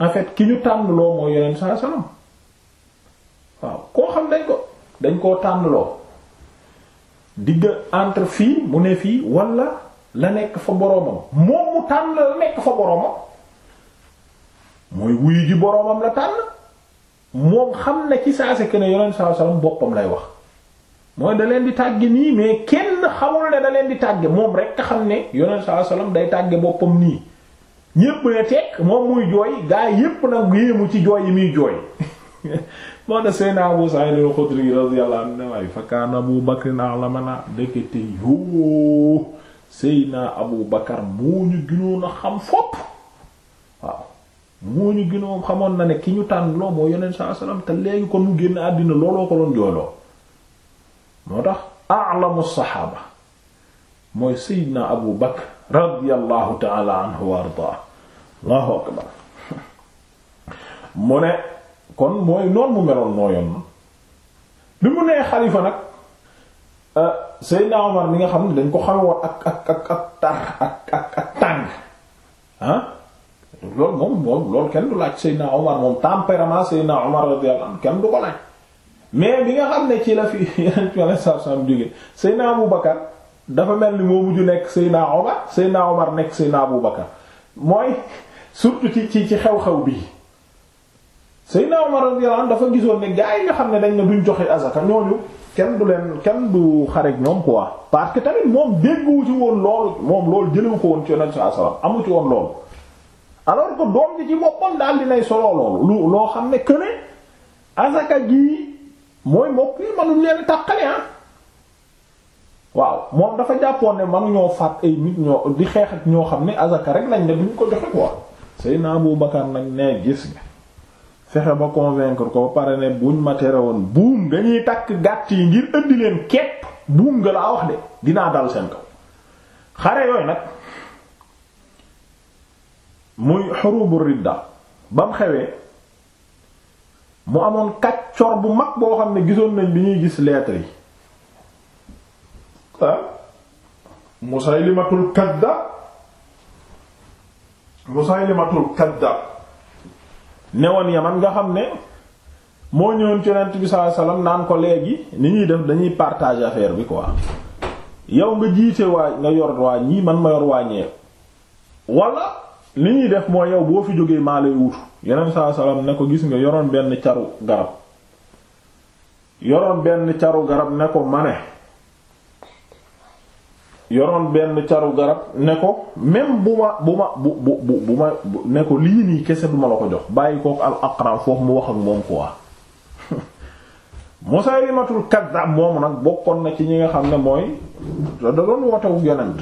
Speaker 1: en ki ñu tànn loo mooy yonent salaam waaw koo xam dañ ko dañ koo tànn loo digga entre fii mu ne fii wala la nekk fa boroomam moom mu tànn la nekk fa boroomam mooy wuyu ji boroomam la tànn moom xam na ci saa sekk ne yonent saa salaam boppam lay wax mooy da leen di tàgge nii mais kenn xamul ne da leen di tàgge moom rek xam ne yonent saa salaam day tàgge boppam nii ñépp ne teg moom muy jooy gaa yépp nag yéemu ci jooy yi muy jooy moo tax Seydina Abu Sa'id al-Khudri radiyallahu anhu ne waaye fa yoo Seydina Abu Bakar moo ñu gënoon a xam fopp waaw moo ñu gënoon xamoon na ne ki ñu tànn loo moo yonent saa salaam te léegi kon mu génn àddina looloo ko doon jooyloo moo tax a'lamu saxaaba mooy Seydina Abu Bakr radiyallahu ta'ala anhu wa ardaa Allahu akbar mu ne kon mooy noonu mu meloon nooyoon na bi mu nee xalifa nag euh, Seydina Omar mi nga xam ne dañ ko xame woon ak ak ak tar ak tàng ah loolu moom loolu kenn du laaj Seydina Omar moom tempérament Seydina Omar radiyallahu anhu kenn du ko laaj mais bi nga xam ne ci la fi yeneen ci wàllu saabsaab jógee Seydina Abu dafa mel ni moo mujj nekk Seydina Omar Seydina Omar nekk Seydina Abu Bakar mooy surtout ci ci ci xew-xew bi. Seydina naa radiyallahu anhu dafa gisoon ni gaa yi nga xam ne dañ ne duñ joxe azaka ñooñu kenn du leen kenn du xareek ñoom quoi parce que tamit moom dégguwu ci woon loolu moom loolu jëlewu ko woon ci Yonent sallallahu alayhi amu ci woon loolu alors que doom daal di nay lu loo xam ne que ne azaka ji mooy mbokk yi mënuñ leen tàqale ah waaw moom dafa jàppoon ne manu ñoo faat ay nit ñoo di xeex ak ñoo xam ne azaka rek lañ ne duñ ko joxe quoi naa Abu Bakar nag nee gis nga. fexe ba convaincre ko pare ne buñ ma tere woon buum nga ñuy takk gàtt yi ngir indi kepp buum nga laa wax de dinaa dal seen kaw xare yooyu nag muy xurubu ridda ba mu xewee mu amoon kàccor bu mag boo xam ne gisoon nañ bi ñuy gis lettre yi ah Musaylimatul kadda Musaylimatul kadda newoon yaman nga xam ne moo ñëwoon ci yonent bi sallallahu alayhi naan ko léegi ni ñuy def dañuy partager affaire bi quoi yow nga jiite waa nga yor waa ñii man ma yor waa ñee wala li ñuy def mooy yow boo fi jógee maa lay wutu yonent bi sallallahu ne ko gis nga yoroon benn caru garab yoroon benn caru garab ne ko ma ne yoroon benn caru garab ne ko même bu ma bu ma bu bu bu bu ma ne ko lii nii kese duma la ko jox bàyyi kook al aqra foofu mu wax ak moom quoi Musaylimatul Kaddaab moomu nag bokkoon na ci ñi nga xam ne mooy da doon wootewu yonent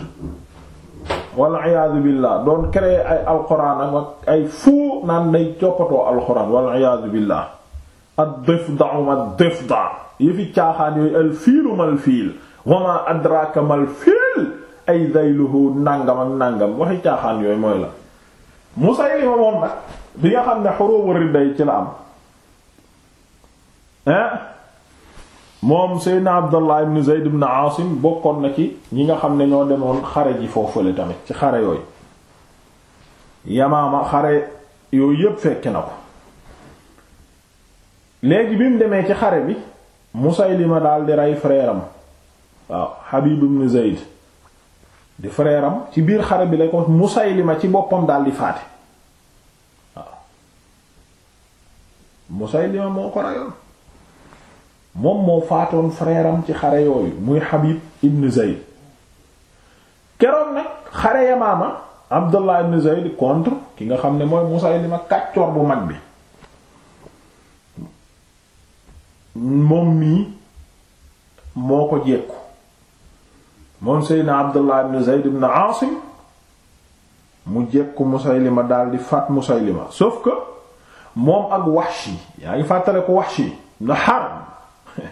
Speaker 1: walla iyaatu billaah doon créer ay alxuraan ak ay walla iyaatu billaah ad-difdaa ma ad-difdaa yi yooyu al fiilu mal fiil wa ma adraka mal fiil ay dayluhu nàngam ak nàngam waxi caaxaan yooyu mooy la Musaylima moom nag bi nga xam ne xurubu ridda yi ci la am eh? moom Seydina Abdallah ibn Zayd ibn Aasim bokkoon na ci ñi nga xam ne ñoo demoon xare ji foofule tamit ci xare yooyu Yamaama xare yooyu yépp fekke na ko léegi bi mu demee ci xare bi mu Musaylima daal di rey frère am waaw Habib ibn Zayd di frère ci biir xare bi la ko Musaylima ci boppam daal di faate waaw Musaylima moo ko reyoon moom moo faatoon frère ci xare yooyu muy Habib ibn Zayd keroon nag xare Yamaama Abdullah ibn Zayd contre ki nga xam ne mooy Musaylima kàccoor bu mag bi moom mii moo ko jekku moom seydna abdullah ibn zayd ibn aasim mu jekku musaylima daal di faat musaylima sauf que moom ak wahshi yaa ngi fàttale ko wahshi ibn harb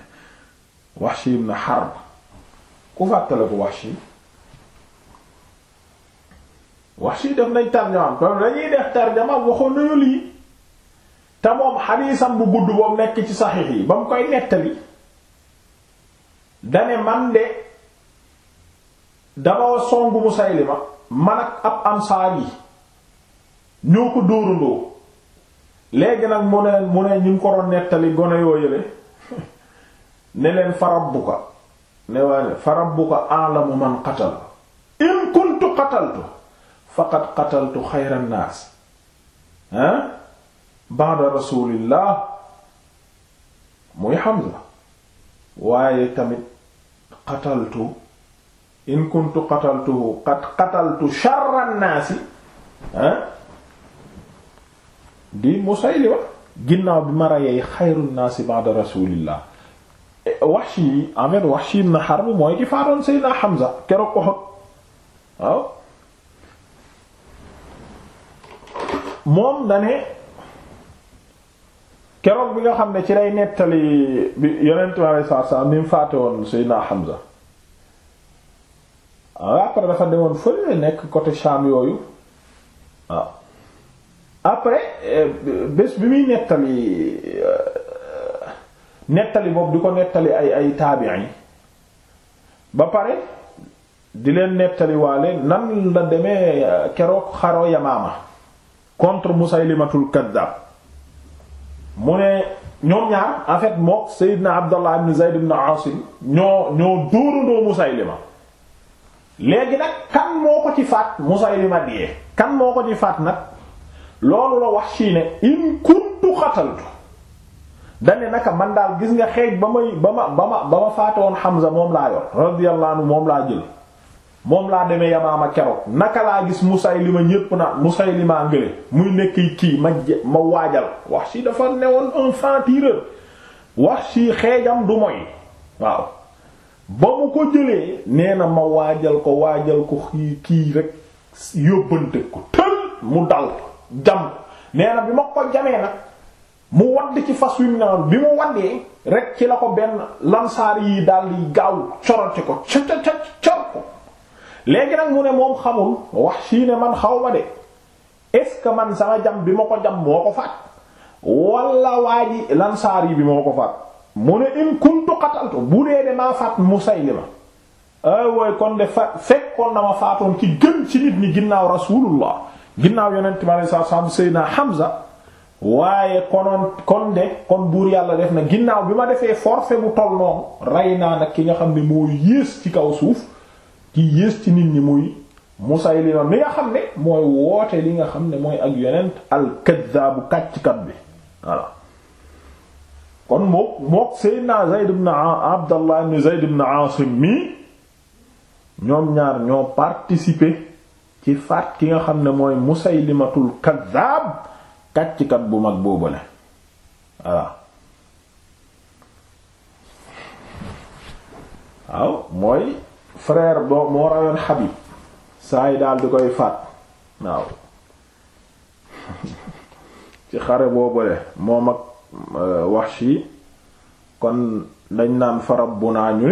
Speaker 1: wahshi ibn harb ku fàttale ko wahshi wahshi def nañ tarjamaam kon dañuy def tarjamaam waxoon nañu lii te moom xadiisam bu gudd boobu nekk ci saxiix yi ba mu koy nettali dane man de dama songu Musaylima man ak ab ansaar yi ñoo ko dóorandoo léegi nag mu ne mu ne ñu ngi nettali gone yoo yële ne leen farabbuka ne waaye farabbuka a'lamu man qatal in kuntu qataltu faqad qataltu xayra naas ah ba'da rasulillah muy Hamza waaye tamit qataltu in kuntu qataltuhu qad qataltu sharra an-naasi ah, di Musaylima ginnaaw bi ma reyee xayru an-naasi ba'da rasulillah eh, Wahshi yi amet Wahshi ibn Harb mooy ki faatoon Seydina Hamza keroog Uhud waaw moom dane keroog bi nga xam ne ci ray nettali bi yonent bi sallallahu alayhi wasallam ni mu Ah, après dafa demoon fële nekk côté Sham yooyu waaw ah. après eh, bés bi muy nettali eh, nettali boobu di ko nettali ay ay taabi'i ba pare di leen nettaliwaale nan la demee eh, keroog xaro Yamaama contre Musaylimatul Kaddaab mu ne ñoom ñaar en fait mook Seydina Abdallah ibn Zayd ibn Aasim ñoo ñoo dóorandoo Musaylima léegi nag kan moo ko ci faat Musaylima dee kan moo ko ci faat nag loolu la wax sii ne in kuntu xataltu dane naka man daal gis nga xeej ba may ba ma ba ma ba ma faate woon Hamza moom laa yor radiyallahu anhu moom laa jël moom laa demee Yamaama keroog naka laa gis Musaylima ñépp na Musaylima ngële muy nekk kii ma ma waajal wax si dafa newoon un franc wax si xeejam du moy waaw ba mu ko jëlee nee na ma waajal ko waajal ko kii kii rek yóbbante ko tël mu dal jam nee na bi ma ko jamee nag mu wadd ci fas wi mu naan bi mu waddee rek ci la ko benn lansaar yi daal di gaaw corante ko ca ko léegi nag mu ne moom xamul wax sii ne man xaw ma de est-ce que man sama jam bi ma ko jam moo ko faat walla waa lansaar yi bi moo ko faat mu ne in kuntu qataltu bu dee de maa faat Musaylima ay wooy kon de fa fekkoon na ma faatoon ki gën ci nit ñi ginnaaw rasulullah ginnaaw yonent bi alayhi salaam Seydina Hamza waaye konoon kon de kon buur yàlla def na ginnaaw bi ma defee forfait bu toll noonu rey naa nag ki nga xam ne moo yées ci kaw suuf ki yées ci nit ñi muy Musaylima mi nga xam ne mooy wootee li nga xam ne mooy ak yonent al-kazzaabu kàcckat bi voilà kon mook mook Seydina Zayd ibn Abdallah ibn Zayd ibn Aasim mi ñoom ñaar ñoo participer ci faat ki nga xam ne mooy Musaylimatul Kazzaab kàcckat bu mag boobale waaw waaw mooy frère boo moo rawoon Habib saa yi daal di koy faat waaw ci xare boobale moom ak Euh, Wahshi kon dañ naan fa rabbunaa ñu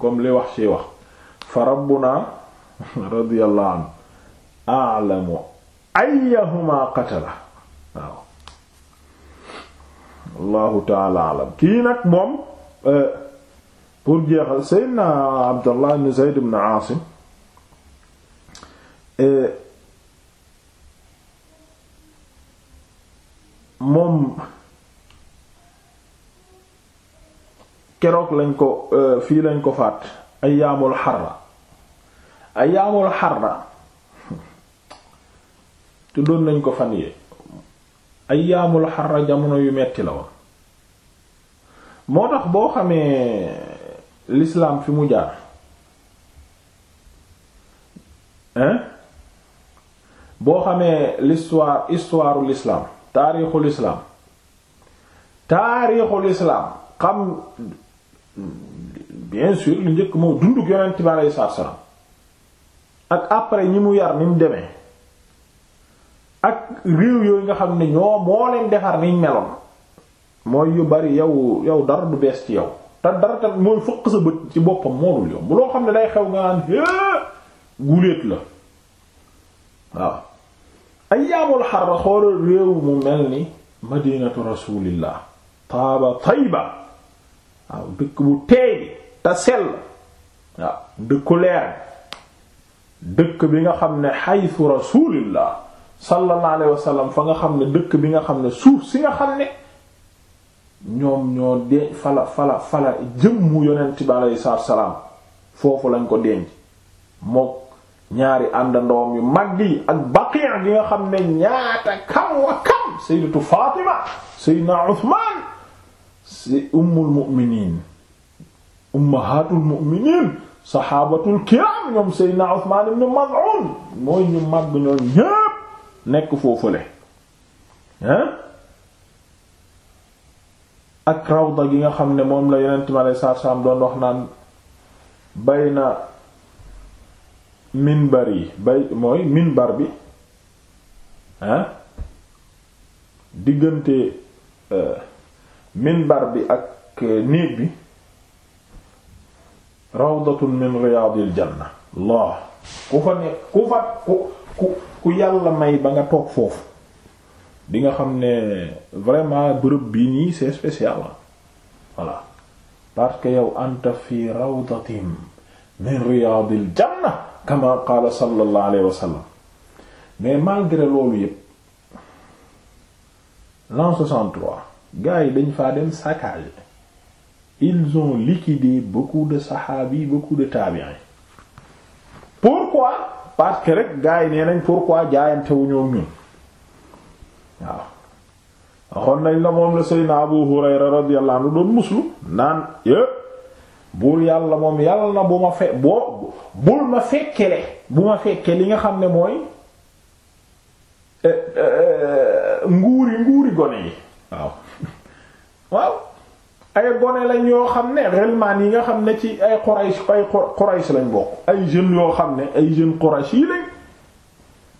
Speaker 1: nit li Wahshi wax fa rabbunaa radiyallahu anhu a'lamu ayyahuma qatala waaw allahu taala alam kii nag moom euh, pour jeexal seydna abdallah ibn zayd ibn aasim euh, moom keroog lañ ko euh, fii lañ ko faat ayaamul xarra ayaamul xarra te doon nañ ko fan yee ayaamul xarra jamono yu metti la woon moo tax boo xamee lislaam fi mu jaar hein boo xamee l'histoire histoire l'islam taarixu l'islam taarixu xam bien sûr li njëkk moo dunduk yonent bi aleyhi salaatu salaam ak après ñi mu yar ni mu demee ak réew yooyu nga xam ne ñoo moo leen defar niñ meloon mooy yu bari yow yow dara du bees ci yow te dara tam mooy fëq sa bët ci boppam moolul yow bu loo xam ne day xew nga naan guléet la waaw ayyaamul xarra xoolal réew mu mel ni madinatu rasulillah taaba tayba waaw dëkk bu teey bi te sell waaw dëkku leer dëkk bi nga xam ne xaytu rasulillah sallallahu alayhi wasallam fa nga xam ne dëkk bi nga xam ne suuf si nga xam ne ñoom ñoo de fala fala fala jëmmu yonent bi alayhi salaam foofu lañ ko denc mook ñaari àndandoom yu mag yi ak baqi' gi nga xam ne ñaata kam wa kam sayyidatu Fatima sayyidina Uthman si ummul mu'miniin ummahatul mu'miniin saxaabatul kiram ñoom Seydina Usmaan ibn Maz'un mooy ñu màgg ñoo ñépp nekk foofule hein ak rawda gi nga xam ne moom la Yonent mi alayhi salaatu salaam doon wax naan bayna minbar yi bay mooy minbar bi hein diggante euh, minbar bi ak euh, néeg bi rawdatun min riyaadil janna Allah ku fa ne ku fa ku ku ku yàlla may ba nga toog foofu di nga xam ne vraiment bërëb bi nii c'est spécial voilà parce que yow anta fi rawdatin min riyaadil janna kama qaala sallallahu alayhi wa mais malgré loolu yépp gars yi dañ faa dem saccage ils ont liquidé beaucoup de saxaabi beaucoup de tabi'in pourquoi parce que rek gars yi nee nañ pourquoi jaayantewuñoo ñun waaw waxoon nañ la moom la Seydina Abu Hurayra radiyallahu anhu doon muslu naan buur yàlla moom yàlla na bu ma fe boo bul ma fekkele bu ma fekke li nga xam ne mooy eh, eh, eh, nguuri nguuri gone yi waaw ay gone lañ yoo xam ne relmaan yi nga xam ne ci ay Quraysh ay lañ bokk ay jeunes yoo xam ne ay jeunes Quraysh yi lañ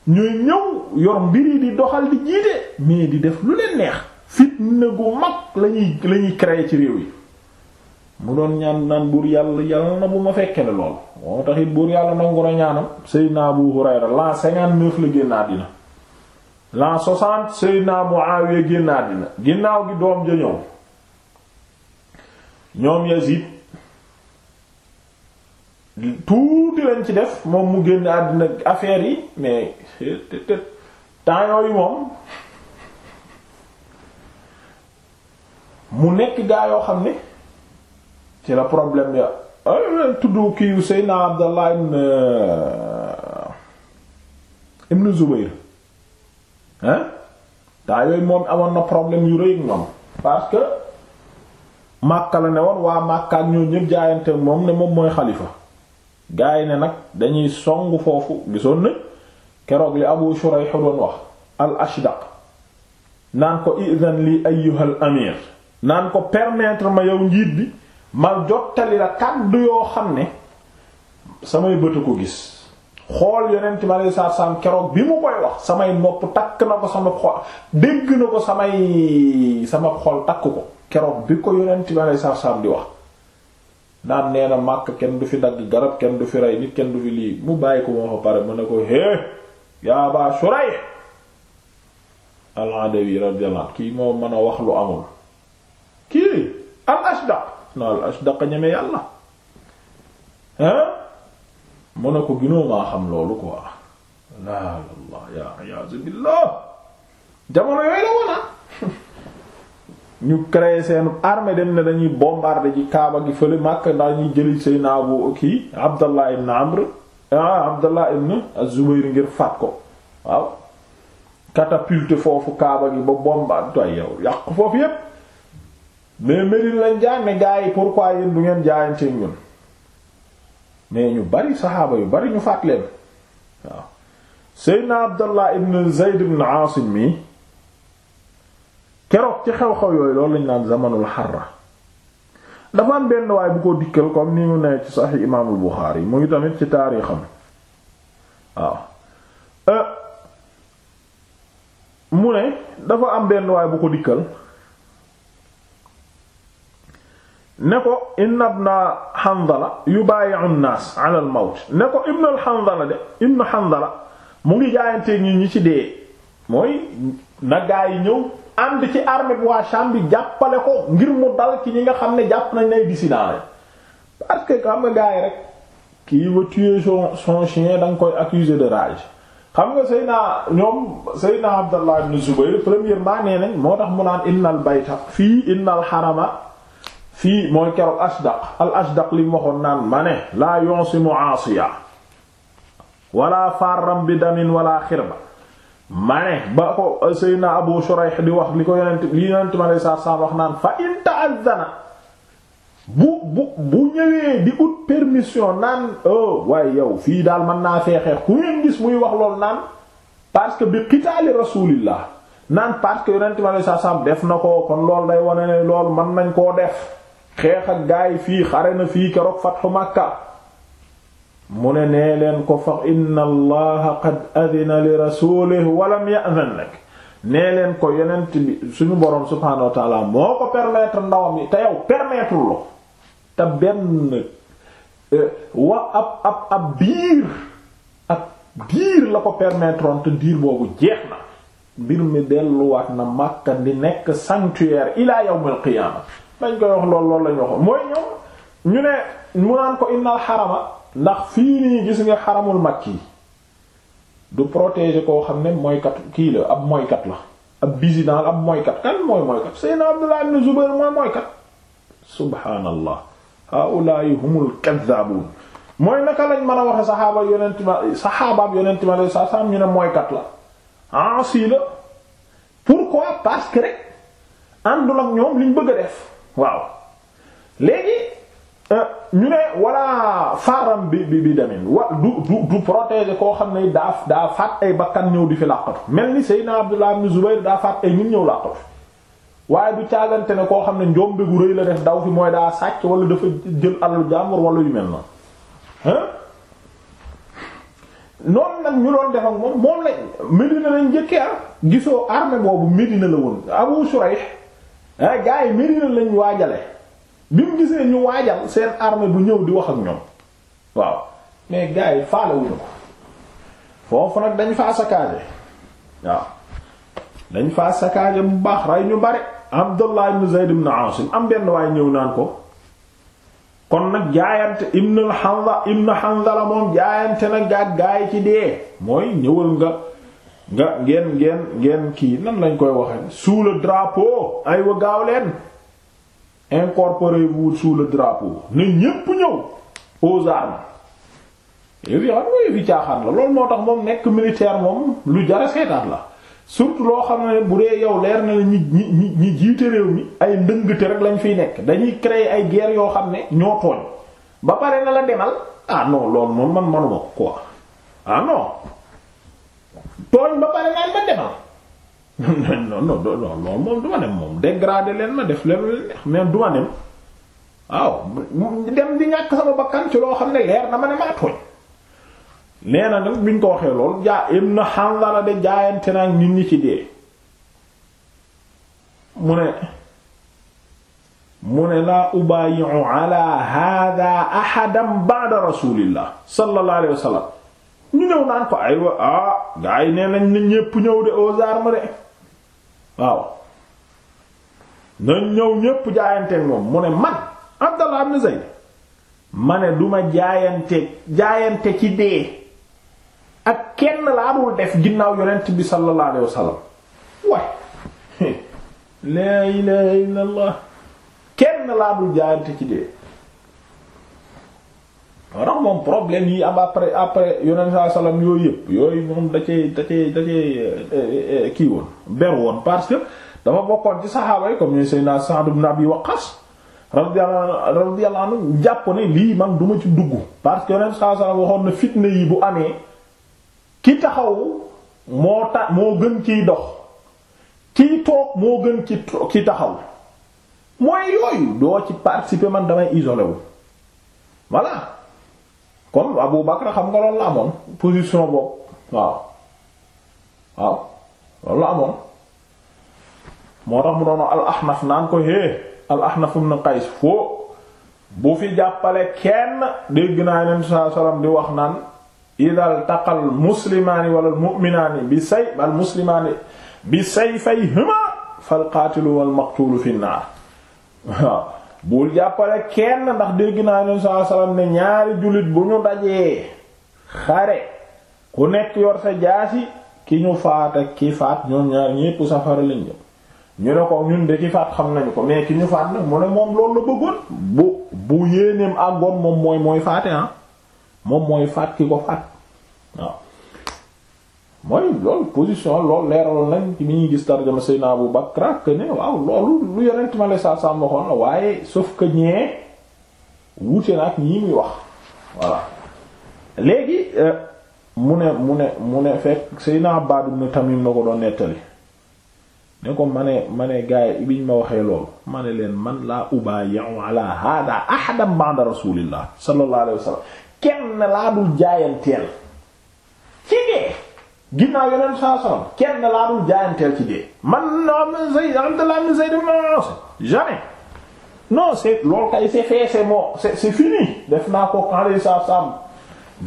Speaker 1: ñooy ñëw yor mbiri di doxal di jiite mais di def lu leen neex fitna gu mag lañuy lañuy créer ci réew yi mu doon ñaan naan buur yàlla yàlla na bu ma fekkee ne lool moo taxit buur yàlla nangu na ñaanam Seydina Abu Hurayra l'an cinquante-neuf la génn àddina l'an soixante Seydina Muawiya génn àddina ginnaaw gi doom ja ñëw ñoom Yazid tuuti lañ ci def moom mu génn àddina affaire yi mais temps yooyu moom mu nekk gaa yoo xam ne ci la problème ya tudd kii Seydina Abdallah ibn euh, ibn Zubayr hein temps moom amoon na problème yu rëy ak parce que Makka la ne woon waa Makka ñoo ñëpp jaayante moom ne moom mooy xalifa gaa yi ne nag dañuy song foofu gisoon na keroog li Abu Shurayh doon wax al ashdaq naan ko izan li ayyuhal amir naan ko permettre ma yow njiit bi ma jottali la kàddu yoo xam ne samay bët ko gis xool yonent ma lay saar keroog bi mu koy wax samay nopp takk na ko sama xol dégg na ko samay sama xol takk ko keroog bi ko yonent bi aleyhi salaatu salaam di wax naan nee na màkk kenn du fi dagg garab kenn du fi rey nit kenn du fi lii mu bàyyi ko moo fa pare mu ne ko hé yaa Abaa Shurayh al-Adawi kii moo mën a wax lu amul kii al Ashdaq na al Ashdaq ñeme yàlla hein mu ne ko ginoo maa xam loolu quoi laa la yaa iyaazu billaah jamono yooyu la woona ah. ñu créé seen armée dem ne dañuy bombarder ci Kaaba gi fële Makka ndax ñuy jëli Seydina Abu kii Abdallah ibn Amr ah Abdallah ibn az ngir faat ko waaw catapulte foofu Kaaba gi ba bombarder toy yow yàq foofu yépp mais lañ jaay mais gars yi pourquoi yéen du ngeen jaayante ñun mais ñu bari saxaaba yu bari ñu faat leen waaw Seydina Abdallah ibn Zayd ibn Aasim mi keroog ci xew-xew yooyu loolu lañ naan zamanul xarra dafa am benn waay bu ko dikkal comme ni mu ne ci saxi imaamul Buxaari mu ngi tamit ci taarixam waaw euh, mu ne dafa am benn waay bu ko dikkal ne ko inna ibna Hanzala yubaayi'u an-naas 'ala al ne ko ibnu Hanzala de ibnu Hanzala mu ngi jaayante ñi ñi ci dee mooy na yi ñëw ànd ci armée bu waa bi jàppale ko ngir mu dal ci ñi nga xam ne jàpp nañ nay dissident lañ parce que xam nga gars rek kii va son son chien da nga koy accuser de rage xam nga Seydina ñoom Seydina Abdallah ibn Zubayr premièrement nee nañ moo tax mu naan innal bayta fii innal harama fii mooy keroog ashdaq al ashdaq li mu waxoon naan ma ne laa yonsimu aasiya wala farram bi damin wala xirba ma ba ko euh, Seydina Abu Shurayh di wax li ko yonent li yonent ma lay saa wax naan fa in ta'azzana bu bu bu ñëwee di ut permission naan oh, waaye yow fii daal mën naa feexee ku ngeen gis muy wax lool naan parce que bi qitaali rasulillah naan parce que yonent ma lay saa def na ko kon loolu day wane lool loolu mën nañ koo def xeex ak gaay fii xare na fii keroog Fathu Makka. mu ne nee leen ko fa inna allaha qad adina li rasulihi walam ya'zan lak nee leen ko yonent bi suñu boroom subhaanahu wa taala moo ko permettre ndawam yi te yow permettre lo te benn e, wa ab ab ab biir ab diir la ko permettre te diir boobu jeex na mbir mi delluwaat na Makka di nekk sanctuaire ila yawmil qiyaama dañ koy wax lool loolu lañu wax mooy ñoom ñu ne mu naan ko innal harama ndax fii nii gis nga xaramul kii du protéger koo xam ne mooykat kii la ab mooykat la ab bisidant ab mooykat kan mooy mooykat Seydina Abdullah ibn Zubayr mooy mooykat subhaanallah haa'ulaa'i humul kazzaabuun mooy naka lañ mën a waxe saxaaba yonent ma saxaabaab yonent ma la sa sam ñu ne mooykat la ansi la pourquoi parce que rek àndul ak ñoom liñ bëgg a def waaw léegi Euh, ñu ne walla faaram bi bi bi demin wa du du du protéger koo xam ne daa daa faat ay bakkan ñëw di fi làqatu mel ni Seydina Abdullah ibn Zubayr daa faat ay ñun ñëw làqatu waaye du caagante ne koo xam ne njombe gu rëy la def daw fi mooy daa sàcc wala dafa jël alalu jàmbur wala yu mel noonu noonu nag ñu doon def moom moom lañ Medina lañ njëkkee ah gisoo armée boobu Medina la woon Abu Shuraih ah gars yi Medina lañ waajale bi mu gisee ñu waajal seen armée bu ñëw di wax ak ñoom waaw mais gars yi faalewuñu ko foofu nag dañ faa saccagé waaw dañ faa saccagé bu baax rey ñu bari Abdullah ibn Zayd ibn Asim am benn waaye ñëw naan ko kon nag jaayante ibn al-Hanza ibn Hanzala moom jaayante nag gaag gaa ci dee mooy ñëwal nga nga ngeen ngeen ngeen kii nan lañ koy waxe sous le drapeau ay wa leen incorporez-vous sous le drapeau ne ñépp ñëw aux armes yëf yi caaxaan la loolu moo tax moom nekk militaire moom lu jara seetaat la surtout loo xam ne bu dee yow leer na la ñi ñi ñi jiite réew mi ay ndëngte rek lañ fiy nekk dañuy créer ay guerre yoo xam ne ñoo tooñ ba pare na la demal ah loolu moom man manuma ko quoi ah non tooñ ba pare naan ba demal non non non non moom du ma dem moom dégradé leen ma def leen mais du ma dem waaw dem di ñàkk sama bakkan ci loo xam ne leer na ma ne maa tooñ. nee na nag bi ñu ko waxee lool jaa Ibn Hanzala de jaayante naa nit ñi ci dee mu ne mu ne laa ubaayi'u ala hada ahadan ba'da rasulillah sallallahu alayhi wasallam ñu ñëw naan ko aywa ah gaa yi nee nañ ne ñépp ñëw de aux armes de. waaw nañ ñëw ñépp jaayanteeg moom mu ne man Abdallah ibn Zayd ma ne duma jaayante jaayante ci dee ak kenn laa dul def ginnaaw yonent bi sallallahu alayhi wasallam waay laa ilaha illallah kenn laa dul jaayante ci dee moo tax yi am après après yonent saa salaam yooyu yëpp yooyu moom da da cee da eh, eh, eh, kii woon ber woon bokkoon ci saxaaba comme ñooy Seydina Sa'd ibn Abi Waqqas radiyallahu anhu jàpp ne lii man duma ci dugg parce que yonent waxoon na fitna yi bu amee ki taxaw moo tax moo gën ciy dox kii toog moo gën ci ki taxaw mooy yooyu doo ci participer man damay isolé wu comme Abu Bakr xam nga loolu la amoon position boobu waaw waaw loolu la amoon moo tax mu doon al Ahnaf naan ko hé al Ahnaf ibn Qays foo bu fi jàppale kenn dégg naa Yonent sallallahu alayhi wasallam di wax naan idal taqal muslimaani wala mu'minaani bi say al muslimaani bi sayfayhima fal qaatilu wal maqtuulu fi naar waaw bul jàppale kenn ndax dégg naa ne saa salaam ne ñaari jullit bu ñu dajee xare ku nekk yor sa jaasi ki ñu faat ak ki faat ñoom ñaar ñépp safara lañ jëm ñu ne ko ñun de ki faat xam nañu ko mais ki ñu faat nag mu ne moom loolu la bëggoon bu bu yéeneem àggoon moom mooy mooy faate ah moom mooy faat ki ko faat waaw mooy loolu position loolu leeraloon nañ ci mi ñuy gis tarjama Seydina Abu Bakr ak ne waaw loolu lu yonent ma lay saa saa waxoon la waaye sauf que ñee wuute na ak ñii muy wax voilà léegi euh, mu ne mu ne mu ne fekk Seydina Abbad ibn Tamim na ko doon nettali ne ko ma ne ma ne gaay yi biñ ma waxee loolu ma ne leen man laa ubayi'u ala hada ahadan ba'da rasulillah sallallahu alayhi kenn laa dul jaayanteel ci dee ginnaaw yeneen saa salaam kenn laa dul jaayanteel ci dee man am Zayd Abdullah ibn Zayd ibn Asim jamais non c'est loolu kay c'est fait c'est mort c'est c'est fini def naa ko xale saa saam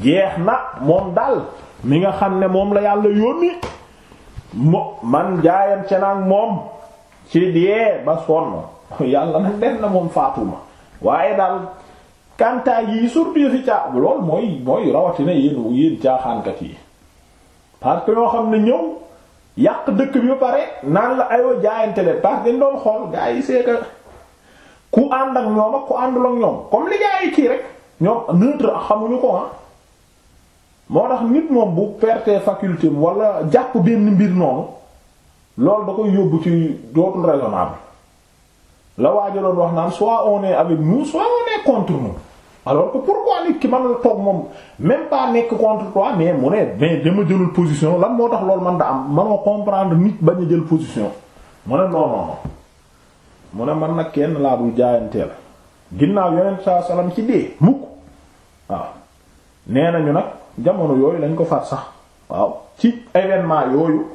Speaker 1: jeex na moom daal mi nga xam ne moom la yàlla yónni mo man jaayam ca moom ci dee ba sonn yàlla nag def na moom faatuma waaye daal kantaay yi surtout fi caa loolu mooy mooy rawatina yéen yéen caaxaankat yi. parce que yoo xam ne ñëw yàq dëkk bi ba pare naan la ayoo jaayante leen parce que dañ doon xool gars yi c'est ku ànd ak ñoom ak ku àndul ak ñoom comme li gars yi kii rek ñoom neutre xamuñu ko ah. moo tax nit moom bu perte faculté wala jàpp benn mbir noonu loolu da koy yóbbu ci dootul raisonnable la waajaloon wax naan soit on est avec nous soit on est contre nous. alors que pourquoi nit ki man la toog moom même pas nekk contre toi mais mu ne mais dama jëlul position lan moo tax lool man da am manoo comprendre nit bañ a jël position mu ne non non mu ne man nag kenn laa dul jaayanteel ginnaaw yonent saa salaam ci dee mukk waaw nee nañu nag jamono yooyu lañ ko faat sax waaw ci événement yooyu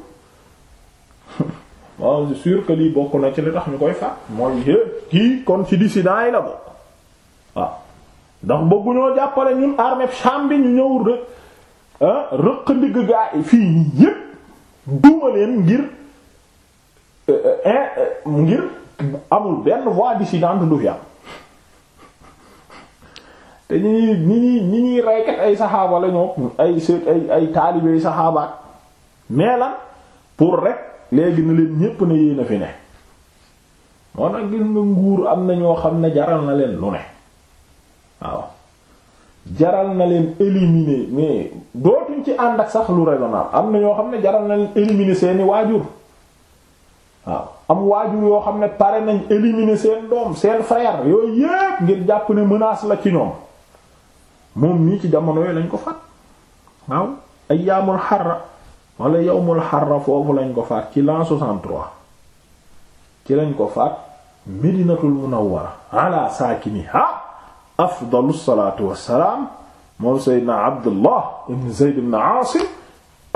Speaker 1: waaw c'est que lii bokk na ci li tax ñu koy faat mooy kii kon ci dissident yi la bokk waaw ndax ñoo jàppale ñun armée Sham ñu ñëw rë ah, rëq ndigg gaa yi fii ñi yépp duma leen ngir euh, euh, euh, ngir amul benn voie dissidente du fi am te ñi ñuy ñi ñuy ñi ñuy ay saxaaba la ñoo ay seet ay ay saxaabaat mais la pour rek léegi na leen ñépp na yéen a fi ne moo nag gis nga nguur am na ñoo xam ne jaral na leen lu ne jaral na leen éliminer mais dootuñ ci ànd ak sax lu raisonnable am na ñoo xam ne jaral na leen éliminer seeni waajur waaw am waajur yoo xam ne pare nañ éliminer seen doom seen frère yooyu yépp ngir jàpp ne menace la ci ñoom moom nii ci jamono yooyu lañ ko faat waaw ayyaamul xarra wala yawmul xarra foofu lañ ko faat ci l'an 63 ci lañ ko faat medinatul munawwara ala saakini ha afdalu salaatu wassalaam moom seydna abdullah ibn zeyd ibn aasim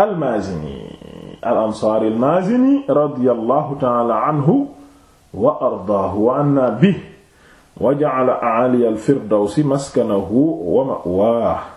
Speaker 1: almaazini al ansaari almaazini radiyallahu taala anhu wa ardaahu wa anna bihi wa ja'ala a'aaliya alfirdawsi maskanahu wa ma'waahu